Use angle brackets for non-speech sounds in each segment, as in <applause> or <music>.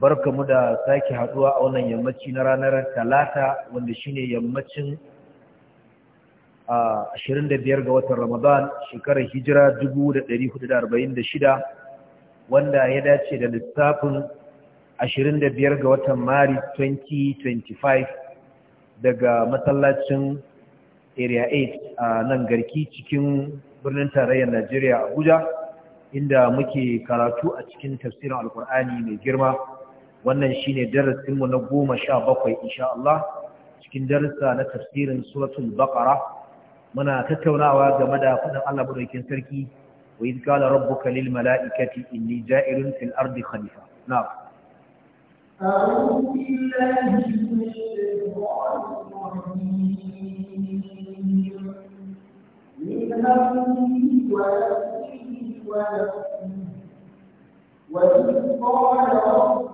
barkamu da sake haduwa a wannan yammaci na ranar talata wanda shine yammacin 25 ga watan ramadan shekarar hijira 1446 wanda ya dace da lissafin 25 ga watan mari 2025 daga matsalacin area 8 a nan garki cikin birnin tarayyar najeriya abuja inda muke karatu a cikin tafsirin alkur'ani mai girma wannan shi ne darasinmu na goma sha bakwai, insha Allah cikin darasa na tafsirin suratul baqara muna tattaunawa game da fadin Allah madaukakin sarki wa idh qala rabbuka lil mala'ikati inni ja'ilun fil ardi khalifa na'am أعوذ بالله من الشيطان الرجيم من همه ونفسه ونفسه وإذ قال ربك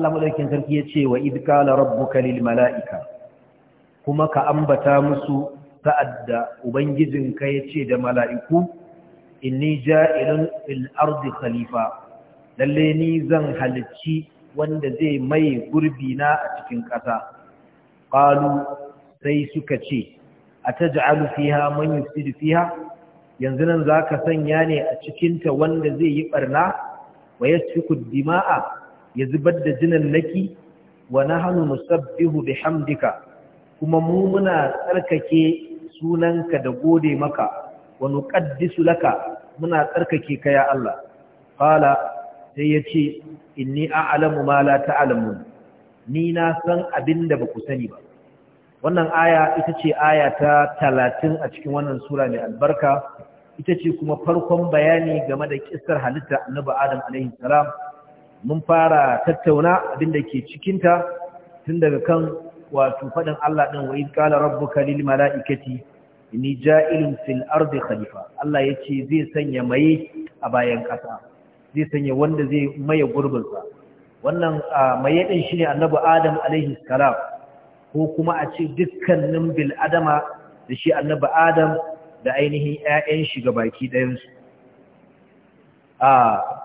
Allah madaukakin sarki ya ce wa id qala rabbuka lil mala'ika kuma ka ambata musu ta'adda ubangijinka ya ce da mala'iku inni ja'ilun fil ardi khalifa lalle ni zan halicci wanda zai mai gurbi na a cikin ƙasa qalu sai suka ce ataj'alu fiha man yusid fiha yanzu nan zaka sanya ne a cikin ta wanda zai yi barna wa yasfiku dima'a ya zubar da jinan naki wa musabbihu bi hamdika. kuma mu muna tsarkake sunanka da gode maka wa nuqaddisu laka muna tsarkake ka ya Allah Fala sai yace inni a'lamu ma la ta'lamun ni na san abinda ba ku sani ba wannan aya ita ce aya ta talatin a cikin wannan sura mai albarka ita ce kuma farkon bayani game da kisar halitta annabi adam alaihi salam mun fara tattauna abin da ke cikinta tun daga kan wato faɗin Allah ɗin wa izkala rabbuka lil mala'ikati inni ja'ilun fil ardi khalifa Allah yace zai sanya mai a bayan ƙasa zai sanya wanda zai maye gurbin sa wannan mai ɗin shine annabi Adam alaihi salam ko kuma a ce dukkanin bil adama da shi annabi Adam da ainihin ƴaƴan shi gabaki ɗayan su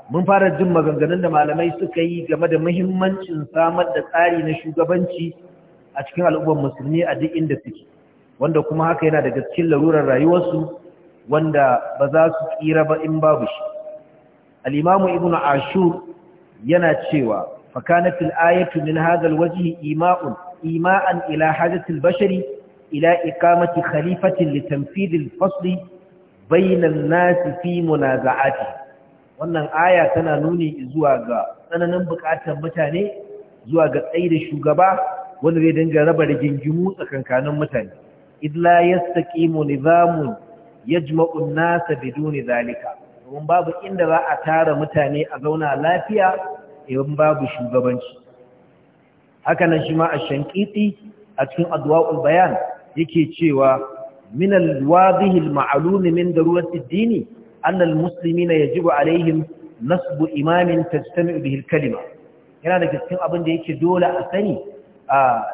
mun fara jin maganganun da malamai suka yi game da muhimmancin samar da tsari na shugabanci a cikin al'ummar musulmi a duk inda suke wanda kuma haka yana daga cikin larurar rayuwarsu wanda ba za su tsira ba in babu shi al'imamu ibn ashur yana cewa fakanatil ayatu min hadal waji ima'un ima'an ila hadatil bashari ila ikamati khalifatin litamfidil fasli bainan nasi fi munaza'ati wannan aya tana nuni zuwa ga tsananin bukatar mutane zuwa ga tsayi da shugaba wanda zai dinga raba rigingimu tsakankanin mutane idla yastaqimu nizamun yajma'u an-nasa biduni zalika domin babu inda za a tara mutane a zauna lafiya idan babu shugabanci haka nan shi ma a shankiti a cikin adwa'ul bayan yake cewa min al-wadhihi al-ma'lum min darurati ad-dini annal muslimina yajibu alaihim nasbu imamin tajtami'u bihi al-kalima yana da cikin abin da yake dole a sani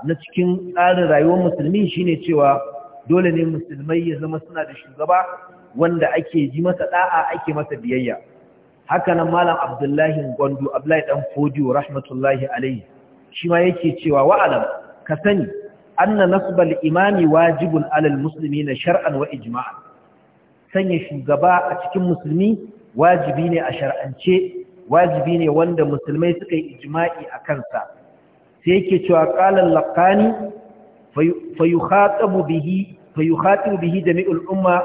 na cikin tsarin rayuwar musulmi shine cewa dole ne musulmai ya zama suna da shugaba wanda ake ji masa da'a ake masa biyayya haka nan malam abdullahi gwandu abdullahi dan fodiyo rahmatullahi alaihi shi ma yake cewa wa'alam ka sani anna nasbal imami wajibun alal muslimina shar'an wa ijma'an sanya shugaba a cikin musulmi wajibi ne a shar'ance wajibi ne wanda musulmai suka yi ijma'i a kansa sai yake cewa qalan laqani fayukhatabu bihi fayukhatibu bihi jami'ul umma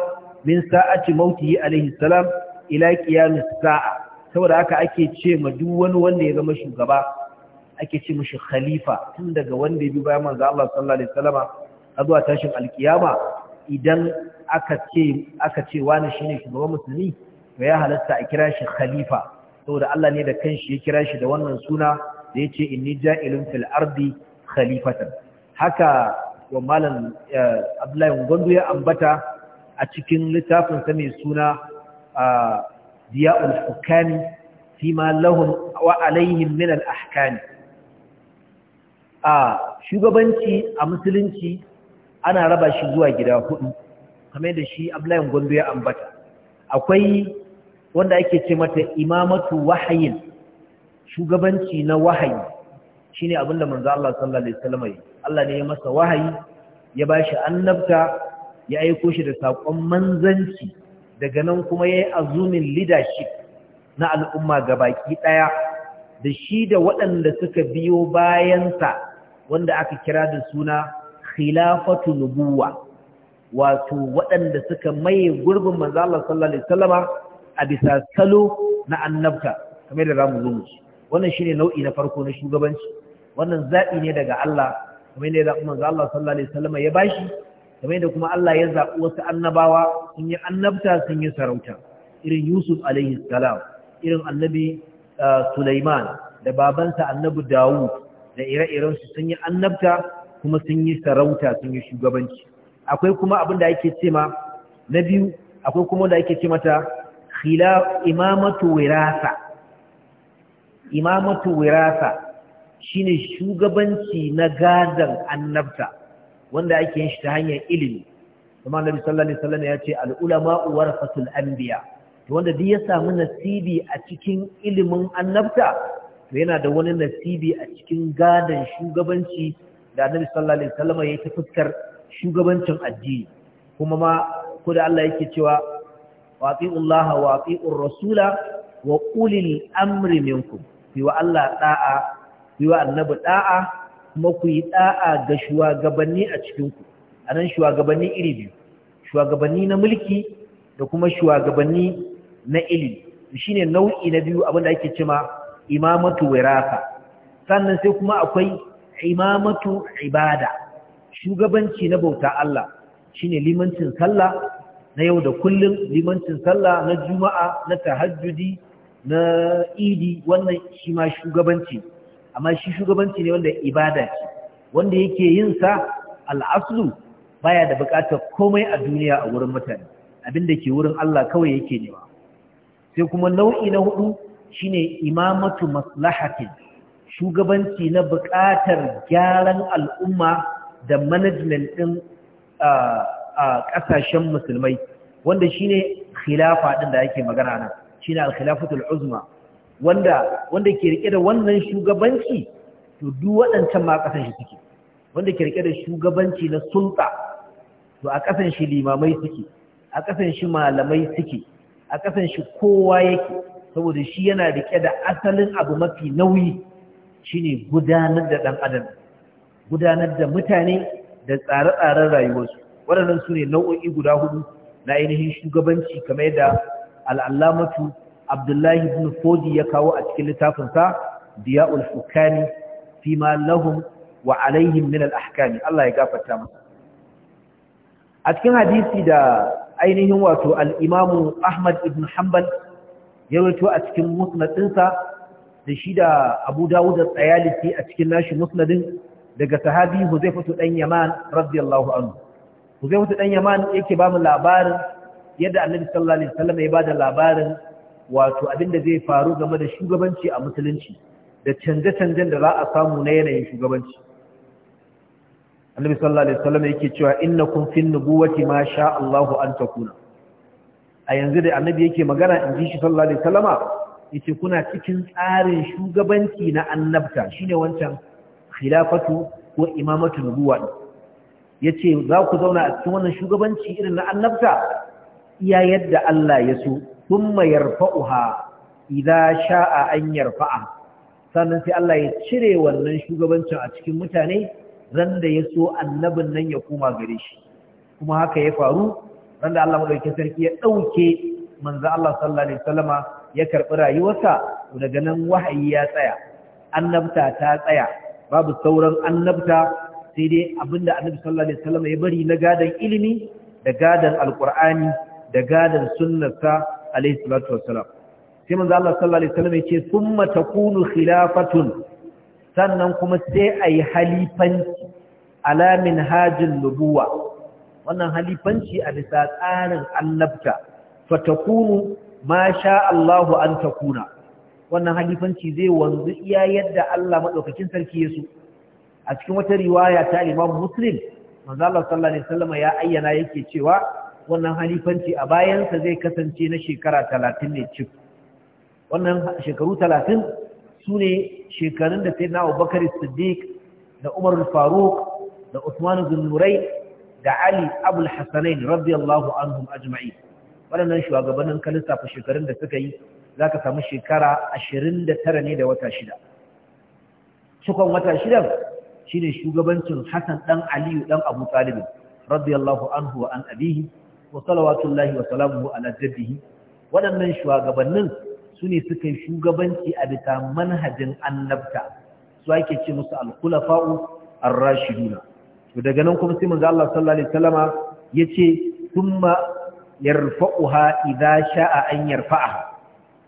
min sa'ati mautihi alayhi salam ila qiyamis sa'a saboda haka ake ce ma duk wani wanda ya zama shugaba ake ce mashi khalifa tun daga wanda ya bi bayan manzo Allah sallallahu alaihi wasallama zuwa tashin alkiyama idan aka ce wani shi ne shugaban musulmi to ya halatta a kira shi khalifa saboda Allah ne da kanshi ya kira shi da wannan suna da yace inni ja'ilun fil ardi khalifatan haka wa malam eh, Abdullahi Gondo ya ambata a cikin littafin sa mai suna eh, Diya'ul Hukami fi ma lahum wa alaihim min al a ah, shugabanci a musulunci ana raba shi zuwa gida hudu kamar da shi ablayin gondo ya ambata akwai wanda ake ce mata imamatu wahayin shugabanci na wahayi shine abinda manzo Allah sallallahu alaihi wasallam yi Allah ne ya masa wahayi ya ba shi annabta ya aiko shi da sakon manzanci daga nan kuma yayi azumin leadership na al'umma gabaki ɗaya da shi da waɗanda suka biyo bayansa wanda aka kira da suna khilafatu nubuwa wato waɗanda suka maye gurbin manzo Allah sallallahu alaihi wasallama a bisa salo na annabta kamar da zamu zo mu ci wannan shine nau'i na farko na shugabanci wannan zabi ne daga Allah kamar da manzo Allah sallallahu alaihi wasallama ya bashi kamar da kuma Allah ya zabi wasu annabawa sun yi annabta sun yi sarauta irin Yusuf alaihi salam irin annabi ah, Sulaiman da babansa annabi Dawud da ire-irensu sun yi annabta kuma sun yi sarauta sun yi shugabanci akwai kuma abin da ake ce na biyu akwai kuma da ake ce mata khila imamatu wirasa imamatu wirasa shine shugabanci na gadan annabta wanda ake yin shi ta hanyar ilimi kuma annabi sallallahu alaihi wasallam ya ce al ulama warasatul anbiya to wanda duk ya samu nasibi a cikin ilimin annabta to yana da wani nasibi a cikin gadan shugabanci da annabi sallallahu alaihi wasallam ya ta fuskar shugabancin addini kuma ma kuda Allah yake cewa wati'ullaha wa wati'ur rasula wa qulil amri minkum fi wa Allah da'a fi wa annabi da'a kuma ku yi da'a ga shugabanni a cikin ku anan shugabanni iri biyu shugabanni na mulki da kuma shugabanni na ilimi shine nau'i na biyu abinda ake cewa imamatu wiraka sannan sai kuma akwai imamatu ibada shugabanci na bauta Allah shi ne limancin sallah na yau da kullum limancin sallah na juma'a na tahajjudi na idi wannan shi ma shugabanci amma shi shugabanci ne wanda ibada ce wanda yake yin sa al'aslu baya da bukatar komai a duniya a wurin mutane abinda ke wurin Allah kawai yake nema sai kuma nau'i na hudu shine imamatu maslahatin shugabanci na bukatar gyaran al'umma da management ɗin a ƙasashen musulmai wanda shine khilafa ɗin da yake magana nan shine al-khilafatul uzma wanda wanda ke rike da wannan shugabanci to duk waɗancan ma kasan shi suke wanda ke rike da shugabanci na sulta to a kasan shi limamai suke a kasan shi malamai suke a kasan shi kowa yake saboda shi yana rike da asalin abu mafi nauyi shine gudanar da ɗan adam gudanar da mutane da tsare-tsaren rayuwarsu waɗannan su ne nau'o'i guda hudu na ainihin shugabanci kamar yadda al'allamatu abdullahi bin fodi ya kawo a cikin littafinsa diya ulfukani fi ma lahum wa alaihim min al'ahkami Allah ya gafarta masa a cikin hadisi da ainihin wato al'imamu ahmad ibn hanbal ya wato a cikin musnadinsa da shi da abu dawud da tsayalisi a cikin nashi musnadin daga sahabi Huzaifatu dan Yaman radiyallahu anhu Huzaifatu dan Yaman yake ba mu labarin yadda Annabi sallallahu alaihi wasallam ya bada labarin wato abin da zai faru game da shugabanci a musulunci da canje-canjen da za a samu na yanayin shugabanci Annabi sallallahu alaihi wasallam yake cewa innakum fin nubuwati ma sha Allahu an takuna a yanzu da Annabi yake magana in ji shi sallallahu alaihi wasallama yace kuna cikin tsarin shugabanci na annabta shine wancan khilafatu ko imamatu nubuwa yace za ku zauna a cikin wannan shugabanci irin na annabta iya yadda Allah ya so thumma yarfa'uha idza sha'a an yarfa'a sannan sai Allah ya cire wannan shugabancin a cikin mutane randa ya so annabin nan ya koma gare shi kuma haka ya faru ran da Allah madaukakin sarki ya dauke manzo Allah sallallahu alaihi wasallama ya karbi rayuwarsa daga nan wahayi ya tsaya annabta ta tsaya babu sauran annabta sai dai abinda annabi sallallahu alaihi wasallam ya bari na gadan ilimi da gadan alqur'ani da gadan sunnarsa alaihi salatu wassalam sai manzo Allah sallallahu alaihi wasallam ya ce thumma takunu khilafatun sannan kuma sai ayi halifanci ala hajin nubuwa wannan halifanci a bisa tsarin annabta fatakunu ma sha Allahu an takuna wannan halifanci zai wanzu iya yadda Allah maɗaukakin sarki ya so a cikin wata riwaya ta Imam Muslim manzo Allah sallallahu alaihi wasallam ya ayyana yake cewa wannan halifanci a bayansa zai kasance na shekara 30 ne cif wannan shekaru 30 sune shekarun da na Abubakar Siddiq da Umar Faruk, da Usman ibn da Ali Abul Hasanain radiyallahu anhum ajma'in waɗannan shugabannin kalista fa shekarun da suka yi za ka samu shekara ashirin da tara ne da wata shida cikon wata shidan shi ne shugabancin hassan ɗan aliyu ɗan abu talibin radiyallahu anhu wa an abihi wa salawatullahi wa salamuhu ala jaddihi waɗannan shugabannin su ne suka yi shugabanci a bisa manhajin annabta su ake ce musu alkulafa'u ar to daga nan kuma sai manzo Allah sallallahu alaihi wasallama yace thumma yarfa'uha idza sha'a an yarfa'aha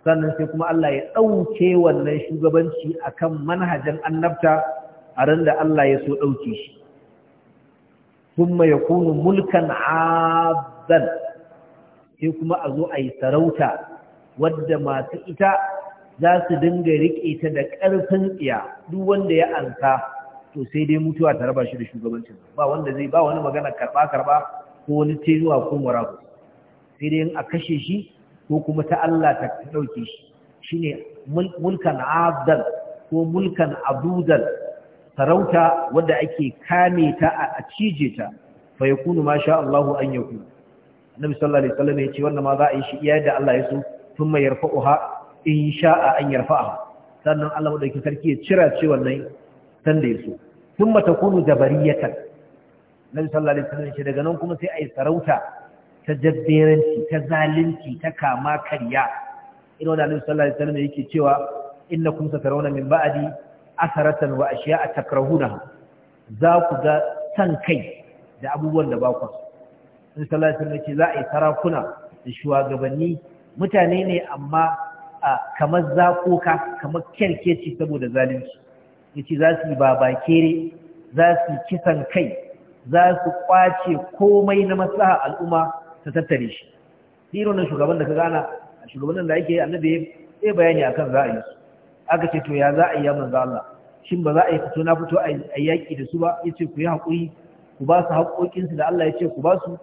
sannan sai kuma Allah ya ɗauke wannan shugabanci akan manhajan annabta a ran da Allah ya so ɗauke shi kuma ya kunu mulkan abdan sai kuma a zo a yi sarauta wadda masu ita za su dinga riƙe ta da ƙarfin tsiya duk wanda ya ansa to sai dai mutuwa ta raba shi da shugabancin ba wanda zai ba wani magana karɓa-karɓa ko wani tenuwa ko murabu sai dai a kashe shi ko kuma ta Allah ta ɗauke shi Shi ne mulkan abdal ko mulkan abudal sarauta wadda ake kame ta a cije ta fa yakunu ma sha Allahu an ya kunu. annabi sallallahu alaihi wasallam ya ce wannan ma za a yi shi iya da Allah ya so thumma yarfa'uha in sha'a an yarfa'aha sannan Allah madaukakin sarki ya cira ce wannan san da ya so thumma takunu jabariyatan annabi sallallahu alaihi wasallam ya ce daga nan kuma sai a yi sarauta ta jabberanci ta zalunci ta kama karya irin wanda annabi sallallahu alaihi wasallam yake cewa kum satarawna min ba'di asaratan wa ashiya'a takrahuna za ku ga san kai da abubuwan da ba ku so sallallahu alaihi wasallam ce za a yi sarakuna da shugabanni mutane ne amma kamar zakoka kamar kyarkeci saboda zalunci yace za su yi babakere za su kisan kai za su kwace komai na maslaha al'umma ta tattare shi irin nan shugaban da ka gana a shugabannin da ake annabi ya bayani akan za a yi aka ce to ya za a yi ya manzo Allah shin ba za a yi fito na fito a yaƙi da su ba yace ku yi hakuri ku ba su su da Allah ya ce ku ba su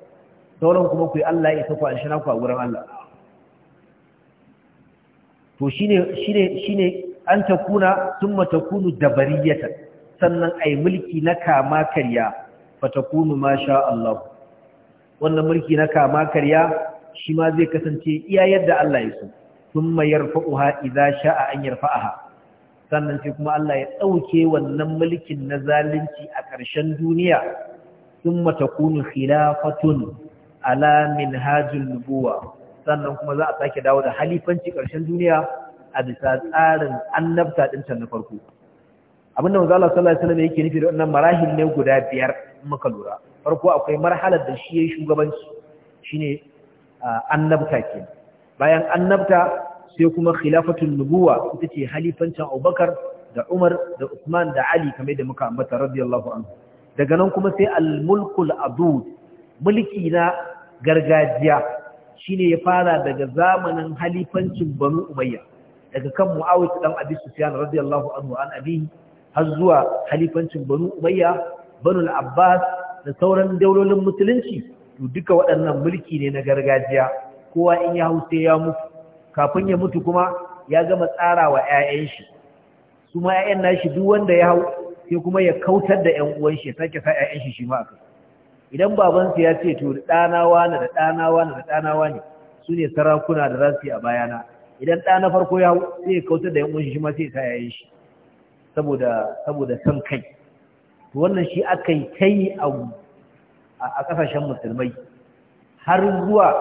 sauran kuma ku yi Allah ya tafi an shana ku a wurin Allah to shine shine shine an takuna thumma takunu dabariyatan sannan ai mulki na kama karya fatakunu kunu masha Allah wannan mulki na kama karya shi ma zai kasance iya yadda Allah ya so thumma yarfa'uha idza sha'a an yarfa'aha sannan sai kuma Allah ya ɗauke wannan mulkin na zalunci a ƙarshen duniya thumma takunu khilafatun ala minhajul nubuwa sannan kuma za a sake dawo da halifanci ƙarshen duniya a bisa tsarin annabta din can na farko abinda manzo sallallahu alaihi wasallam yake nufi da wannan marahil ne guda biyar muka lura farko akwai marhalar da shi ya yi shugabanci shi ne annabta ke bayan annabta sai kuma Khilafatun nubuwa ita ce halifancin abubakar da umar da usman da ali kamar da muka ambata radiyallahu anhu daga nan kuma sai almulkul adud mulki na gargajiya shine ya fara daga zamanin halifancin banu umayya daga kan mu'awiyah Ɗan abi sufyan radiyallahu anhu an abi har zuwa halifancin banu umayya banu abbas da sauran daulolin musulunci to duka waɗannan mulki ne na gargajiya kowa in ya hau sai ya mutu kafin ya mutu kuma ya gama tsara wa 'ya'yan shi su ma 'ya'yan nashi duk wanda ya hau sai kuma ya kautar da 'yan uwan shi ya sake sa 'ya'yan shi shi ma aka idan sa ya ce to 'da ɗana wani da ɗana wani da ɗana wani su ne sarakuna da za su yi a bayana idan na farko ya hau sai ya kautar da 'yan uwan shi shi ma sai ya sa 'ya'yan shi saboda saboda san kai to wannan shi aka yi ta yi a ƙasashen musulmai har zuwa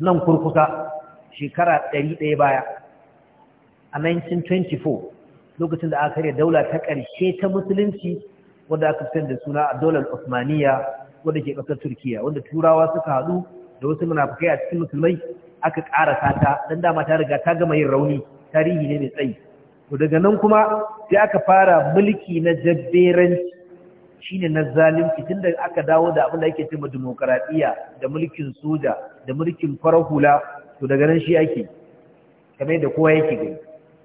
nan kurkusa shekara ɗari ɗaya baya a 1924 lokacin da aka karya daula ta ƙarshe ta musulunci wadda aka fitar da suna a daular osmaniya wadda ke ƙasar turkiya wanda turawa suka haɗu da wasu munafukai a cikin musulmai aka ƙara sata don dama ta riga ta gama yin rauni tarihi ne mai tsayi to daga nan kuma sai aka fara mulki na jabberanci shine na zalunci tunda aka dawo da abin da ake cewa demokradiya da mulkin soja da mulkin farar hula to daga nan shi ake kamar yadda kowa yake gani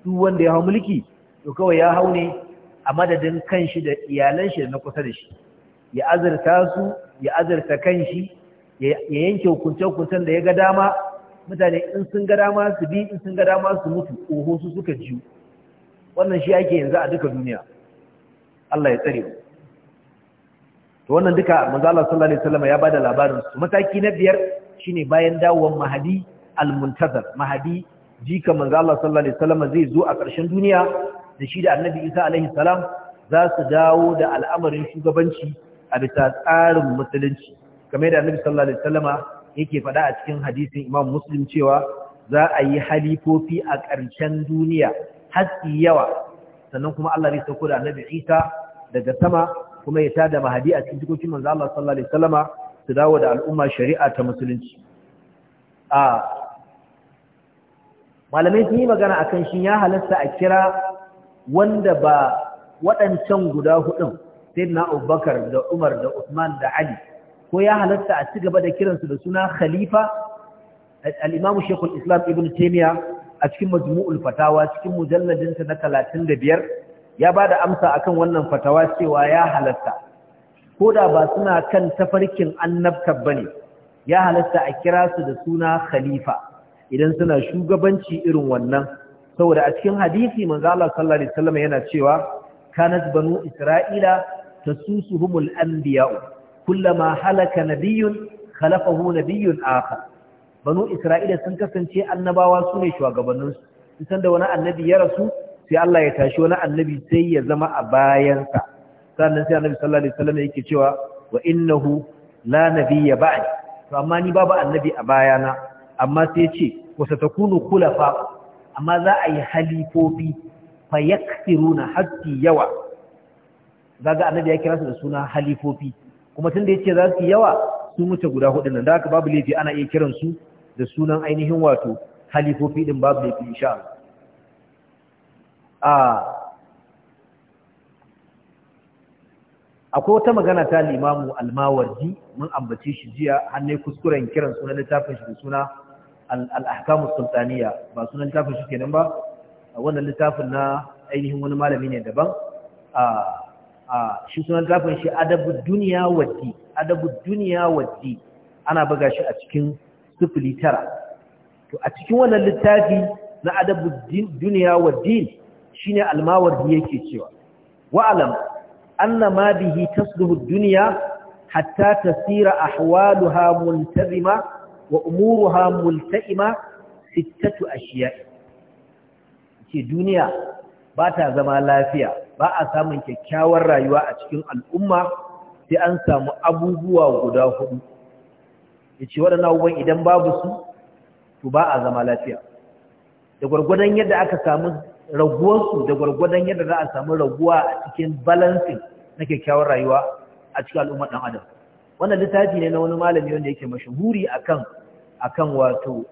duk wanda ya hau mulki to kawai ya hau ne a madadin kanshi da iyalan shi da na kusa da shi ya azurta su ya azurta kanshi ya yanke hukunce-hukuncen da ya ga dama mutane in sun ga dama su bi in sun ga dama su mutu oho su suka jiyu wannan shi ake yanzu a duka duniya Allah ya tsare mu to wannan duka manzo sallallahu alaihi wasallam ya bada labarin su mataki na biyar shine bayan dawowar mahadi al mahadi jika manzo sallallahu alaihi wasallam zai zo a ƙarshen duniya da shi da annabi Isa alaihi salam za su dawo da al'amarin shugabanci a bisa tsarin musulunci kamar yadda annabi sallallahu alaihi yake faɗa a cikin hadisin Imam Muslim cewa za a yi halifofi a ƙarshen duniya Haski yawa sannan kuma Allah zai sauko da annabi Isa daga sama kuma ya tada mahadi a cikin jikokin manzo Allah sallallahu alaihi wasallama su dawo da al'umma shari'a ta musulunci a malamai sun yi magana akan shin ya halasta a kira wanda ba waɗancan guda hudun sayyidina Abubakar da Umar da Uthman da Ali ko ya halasta a ci gaba da kiransu da suna khalifa al-Imam Sheikhul Islam Ibn Taymiyyah a cikin majmu'ul fatawa cikin mujalladinta na 35 ya ba da amsa akan wannan fatawa cewa ya halatta ko da ba suna kan tafarkin annabta bane ya halatta a kira su da suna khalifa idan suna shugabanci irin wannan saboda a cikin hadisi manzo Allah sallallahu alaihi wasallam yana cewa kanat banu isra'ila tasusuhumul anbiya'u kullama halaka nabiyyun khalafahu nabiyyun akhar banu isra'ila sun kasance annabawa su ne shugabanninsu isan da wani annabi ya rasu sai Allah ya tashi wani annabi sai ya zama a bayansa sannan sai annabi sallallahu alaihi wasallam yake cewa wa innahu la nabiyya ba'd to amma ni babu annabi a bayana amma sai ce wa satakunu khulafa amma za a yi halifofi fa yakthiruna hatti yawa zaga annabi ya kira su da suna halifofi kuma tunda yace za su yawa sun wuce guda hudu nan da haka babu laifi ana iya kiran su da sunan ainihin wato halifofi din babu laifi insha Allah akwai wata magana ta limamu almawardi mun ambace shi jiya ne kuskuren kiran sunan littafin shi da suna al-ahkamu sultaniya ba sunan littafin shi kenan ba wannan littafin na ainihin wani malami ne daban a shi sunan littafin shi adabu duniya wadi adabu duniya waddi ana buga shi a cikin sifili tara to a cikin wannan littafi na adabu duniya waddi shine almawardi yake cewa wa'alam anna ma bihi tasluhu duniya hatta tasira ahwaluha multazima wa umuruha multa'ima sittatu ashiya'i ce duniya ba ta zama lafiya ba a samun kyakkyawar rayuwa a cikin al'umma sai an samu abubuwa guda hudu ya ce waɗanda abubuwan idan babu su to ba a zama lafiya da gwargwadon yadda aka samu raguwarsu da gwargwadon yadda za a samu raguwa a cikin balansin na kyakkyawar rayuwa a cikin al'ummar ɗan adam wannan littafi ne na wani malami wanda yake mashahuri a kan wato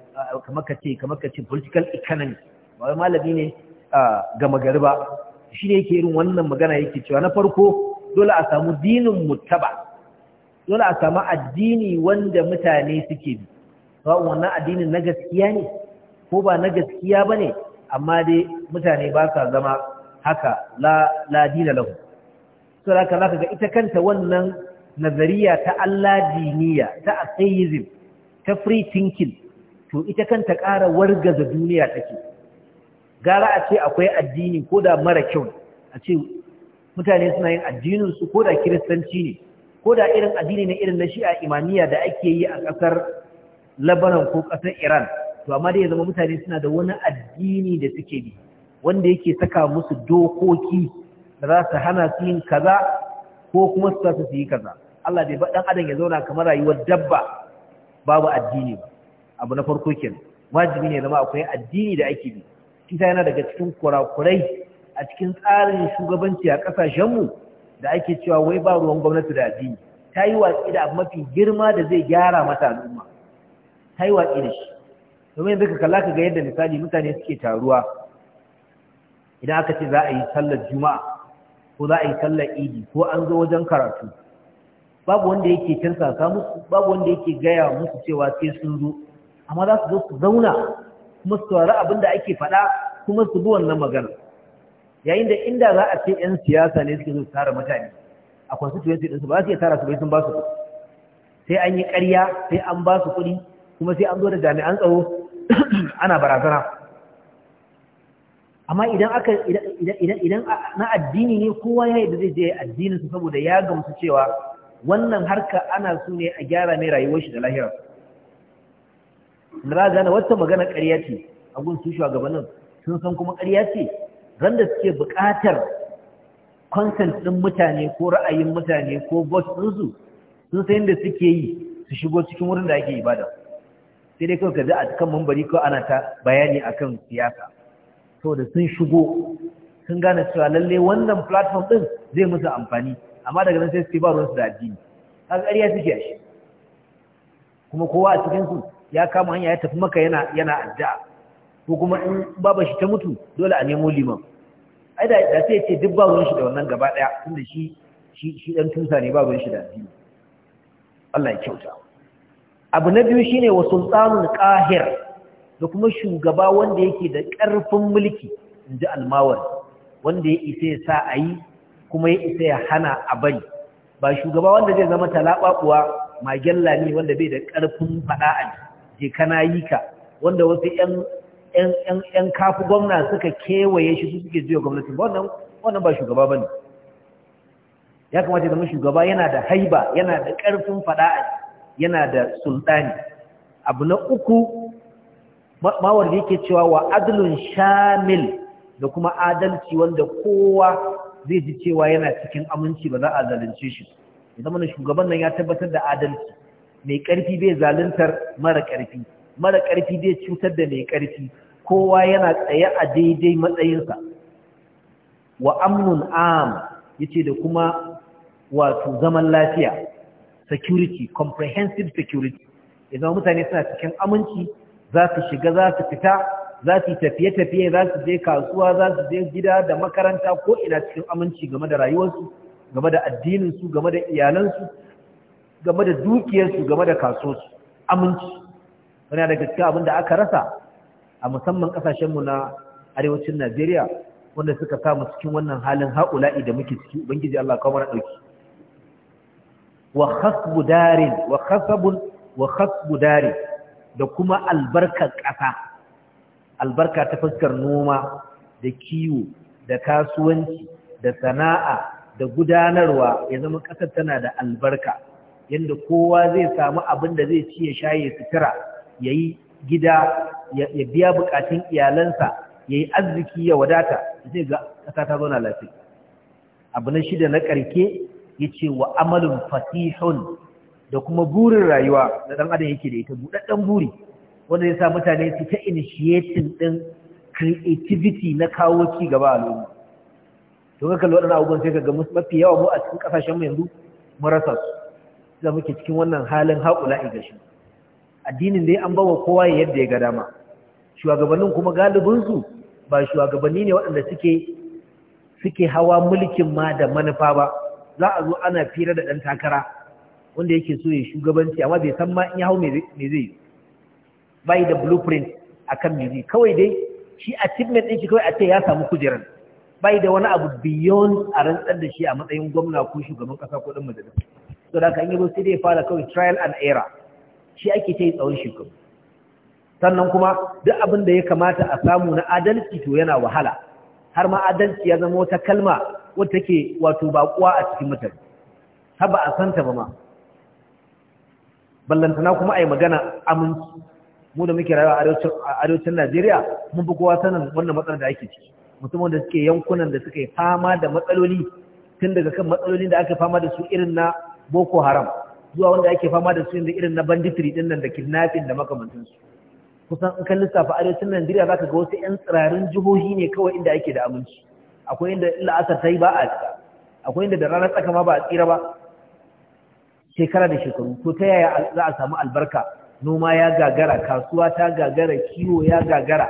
kamar ka ce political economy malami ne gama gari ba shi ne yake irin wannan magana yake cewa na farko dole a samu dinin muttaba dole a samu addini wanda mutane suke bi ba wannan addinin na gaskiya ne ko ba na gaskiya bane amma dai mutane ba sa zama haka la dina lahu so haka zaka ga ita kanta wannan nazariya ta Allah diniya ta atheism ta free thinking to ita kanta ƙara wargaza duniya take gara a ce akwai addini ko da mara kyau a ce mutane suna yin addinin su ko da kiristanci ne ko da irin addini ne irin na shi'a imaniya da ake yi a ƙasar labanan ko ƙasar iran to amma dai ya zama mutane suna da wani addini da suke bi wanda yake saka musu dokoki da za su hana su yin kaza ko kuma su su yi kaza Allah bai baɗan adam ya zauna kamar rayuwar dabba babu addini ba abu na farko kenan wajibi ne zama akwai addini da ake bi kisa yana daga cikin kurakurai a cikin tsarin shugabanci a ƙasashenmu da ake cewa wai ba ruwan gwamnati da addini ta yi watsi da mafi girma da zai gyara mata al'umma ta yi watsi da shi domin yanzu ka kalla ka ga yadda misali mutane suke taruwa idan aka ce za a yi sallar juma'a ko za a yi sallar idi ko an zo wajen karatu babu wanda yake tarsasa musu babu wanda yake gaya musu cewa sai sun zo amma za su zo su zauna kuma su saurari abin da ake faɗa kuma su bi wannan magana yayin da inda za a ce 'yan siyasa ne suke zo tara mutane a constituency ɗinsu ba su iya tara su bai sun ba su kuɗi sai an yi ƙarya sai an ba su kuɗi kuma sai an zo da jami'an tsaro <clears throat> ana barazana amma idan aka idan na addini ne kowa ya yadda zai je addininsa saboda ya gamsu cewa wannan harka ana so ne a gyara mai rayuwar shi da lahira da a gane wata magana ƙarya ce a gun su shugabannin sun san kuma ƙarya ce randa suke buƙatar consent ɗin mutane ko ra'ayin mutane ko vote ɗinsu sun san da suke yi su shigo cikin wurin da ake ibada sai dai kawai ka za a kan mambari ko ana ta bayani a kan siyasa saboda sun shigo sun gane cewa lalle wannan platform ɗin zai musu amfani amma daga nan sai su ba ruwansu da addini haka ƙarya suke shi kuma kowa a cikinsu ya kama hanya ya tafi maka yana addu'a ko kuma in baba shi ta mutu dole a nemo liman ai da da sai ce duk ba shi da wannan gaba daya tunda shi shi shi dan tusa ne ba shi da addini Allah ya kyauta abu na biyu shine wa sultanul qahir da kuma shugaba wanda yake da karfin mulki inji almawar wanda ya isa ya sa ayi kuma ya isa ya hana a bari ba shugaba wanda zai zama talababuwa magella ne wanda bai da karfin fada a je kana yi ka wanda wasu 'yan 'yan kafu gwamna suka kewaye shi su suke jiya gwamnatin wannan ba shugaba ba ne ya kamata shugaba yana da haiba yana da ƙarfin fada yana da sultani abu na uku mawar da yake cewa wa adlun shamil da kuma adalci wanda kowa zai ji cewa yana cikin aminci ba za a zalunce shi ya zama shugaban nan ya tabbatar da adalci mai ƙarfi bai zaluntar mara ƙarfi mara ƙarfi zai cutar da mai ƙarfi kowa yana tsaye a daidai matsayinsa wa amnun am yace da kuma wato zaman lafiya security comprehensive security idan mutane suna cikin aminci za su shiga za su fita za su tafiye-tafiye za su je kasuwa za su je gida da makaranta ko ina cikin aminci game da rayuwarsu game da addininsu game da iyalansu game da dukiyarsu game da kasuwarsu aminci wani daga cikin abin da aka rasa a musamman ƙasashenmu na arewacin najeriya wanda suka samu cikin wannan halin haƙula'i da muke ciki ubangiji allah kawo mana ɗauki wa khasbu darin da kuma albarkar ƙasa albarka ta fuskar noma da kiwo da kasuwanci da sana'a da gudanarwa ya zama ƙasar tana da albarka yadda kowa zai samu abin da zai ci ya shaye sutura ya yi gida ya biya bukatun iyalansa ya yi arziki ya wadata zai ga ƙasa ta zauna lafiya abu na shida na ƙarke ya ce wa amalin fasihun da kuma burin rayuwa da ɗan adam yake da ita buɗaɗɗen buri wanda ya sa mutane su ta initiatin ɗin creativity na kawo ci gaba a lomu to ka kalli waɗannan abubuwan sai ka ga mafi yawa mu a cikin ƙasashen mu yanzu marasa rasa su da muke cikin wannan halin haƙula ga shi addinin dai an bawa kowa yadda ya ga dama shugabannin kuma galibinsu ba shugabanni ne waɗanda suke hawa mulkin ma da manufa ba za a zo ana fira da ɗan takara wanda yake so ya shugabanci amma bai san ma in ya hau me zai bai da blueprint akan me zai kawai dai shi achievement ɗin shi kawai a ce ya samu kujerar bai da wani abu beyond a rantsar da shi a matsayin gwamna ko shugaban ƙasa ko ɗan majalisa to da ka yi sai dai fara kawai trial and error shi ake ta yi tsawon shekaru sannan kuma duk abin da ya kamata a samu na adalci to yana wahala har ma adalci ya zama wata kalma wadda take wato baƙuwa a cikin mutane haba a santa ba ma ballantana kuma a yi magana aminci mu da muke rayuwa a arewacin najeriya mun fi kowa sanin wannan matsalar da ake ciki Mutum da suke yankunan da suka fama da matsaloli tun daga kan matsalolin da aka fama da su irin na boko haram zuwa wanda ake fama da su yanzu irin na banditry din nan da kidnapping da makamantansu kusan in ka lissafa arewacin Najeriya zaka ga wasu ƴan tsirarin jihohi ne kawai inda ake da aminci akwai inda la'asar ta yi ba a tsira akwai inda da ranar tsaka ma ba a tsira ba shekara da shekaru to ta yaya za a samu albarka noma ya gagara kasuwa ta gagara kiwo ya gagara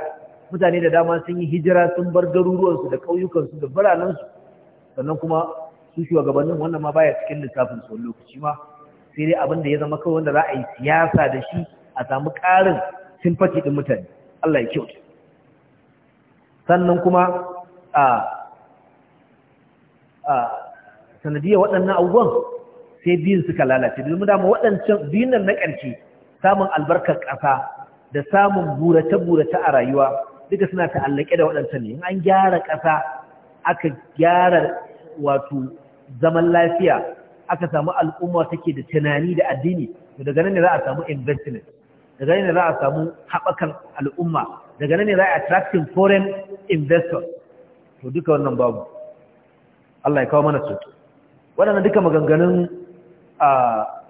mutane da dama sun yi hijira sun bar garuruwansu da ƙauyukansu da biranensu sannan kuma su shugabannin wannan ma baya cikin lissafin su lokaci ma sai dai abin da ya zama kawai wanda za a yi siyasa da shi a samu ƙarin simfati ɗin mutane Allah ya kyauta sannan kuma a a waɗannan abubuwan sai biyun suka lalace domin dama waɗancan biyun na ƙarshe samun albarkar ƙasa da samun burace-burace a rayuwa duka suna ta'allake da waɗancan ne an gyara ƙasa aka gyara wato zaman lafiya aka samu al'umma take da tunani da addini to daga nan ne za a samu investment daga nan ne za a samu haɓakan al'umma daga nan ne za a attracting foreign investors to duka wannan babu Allah ya kawo mana su waɗannan duka maganganun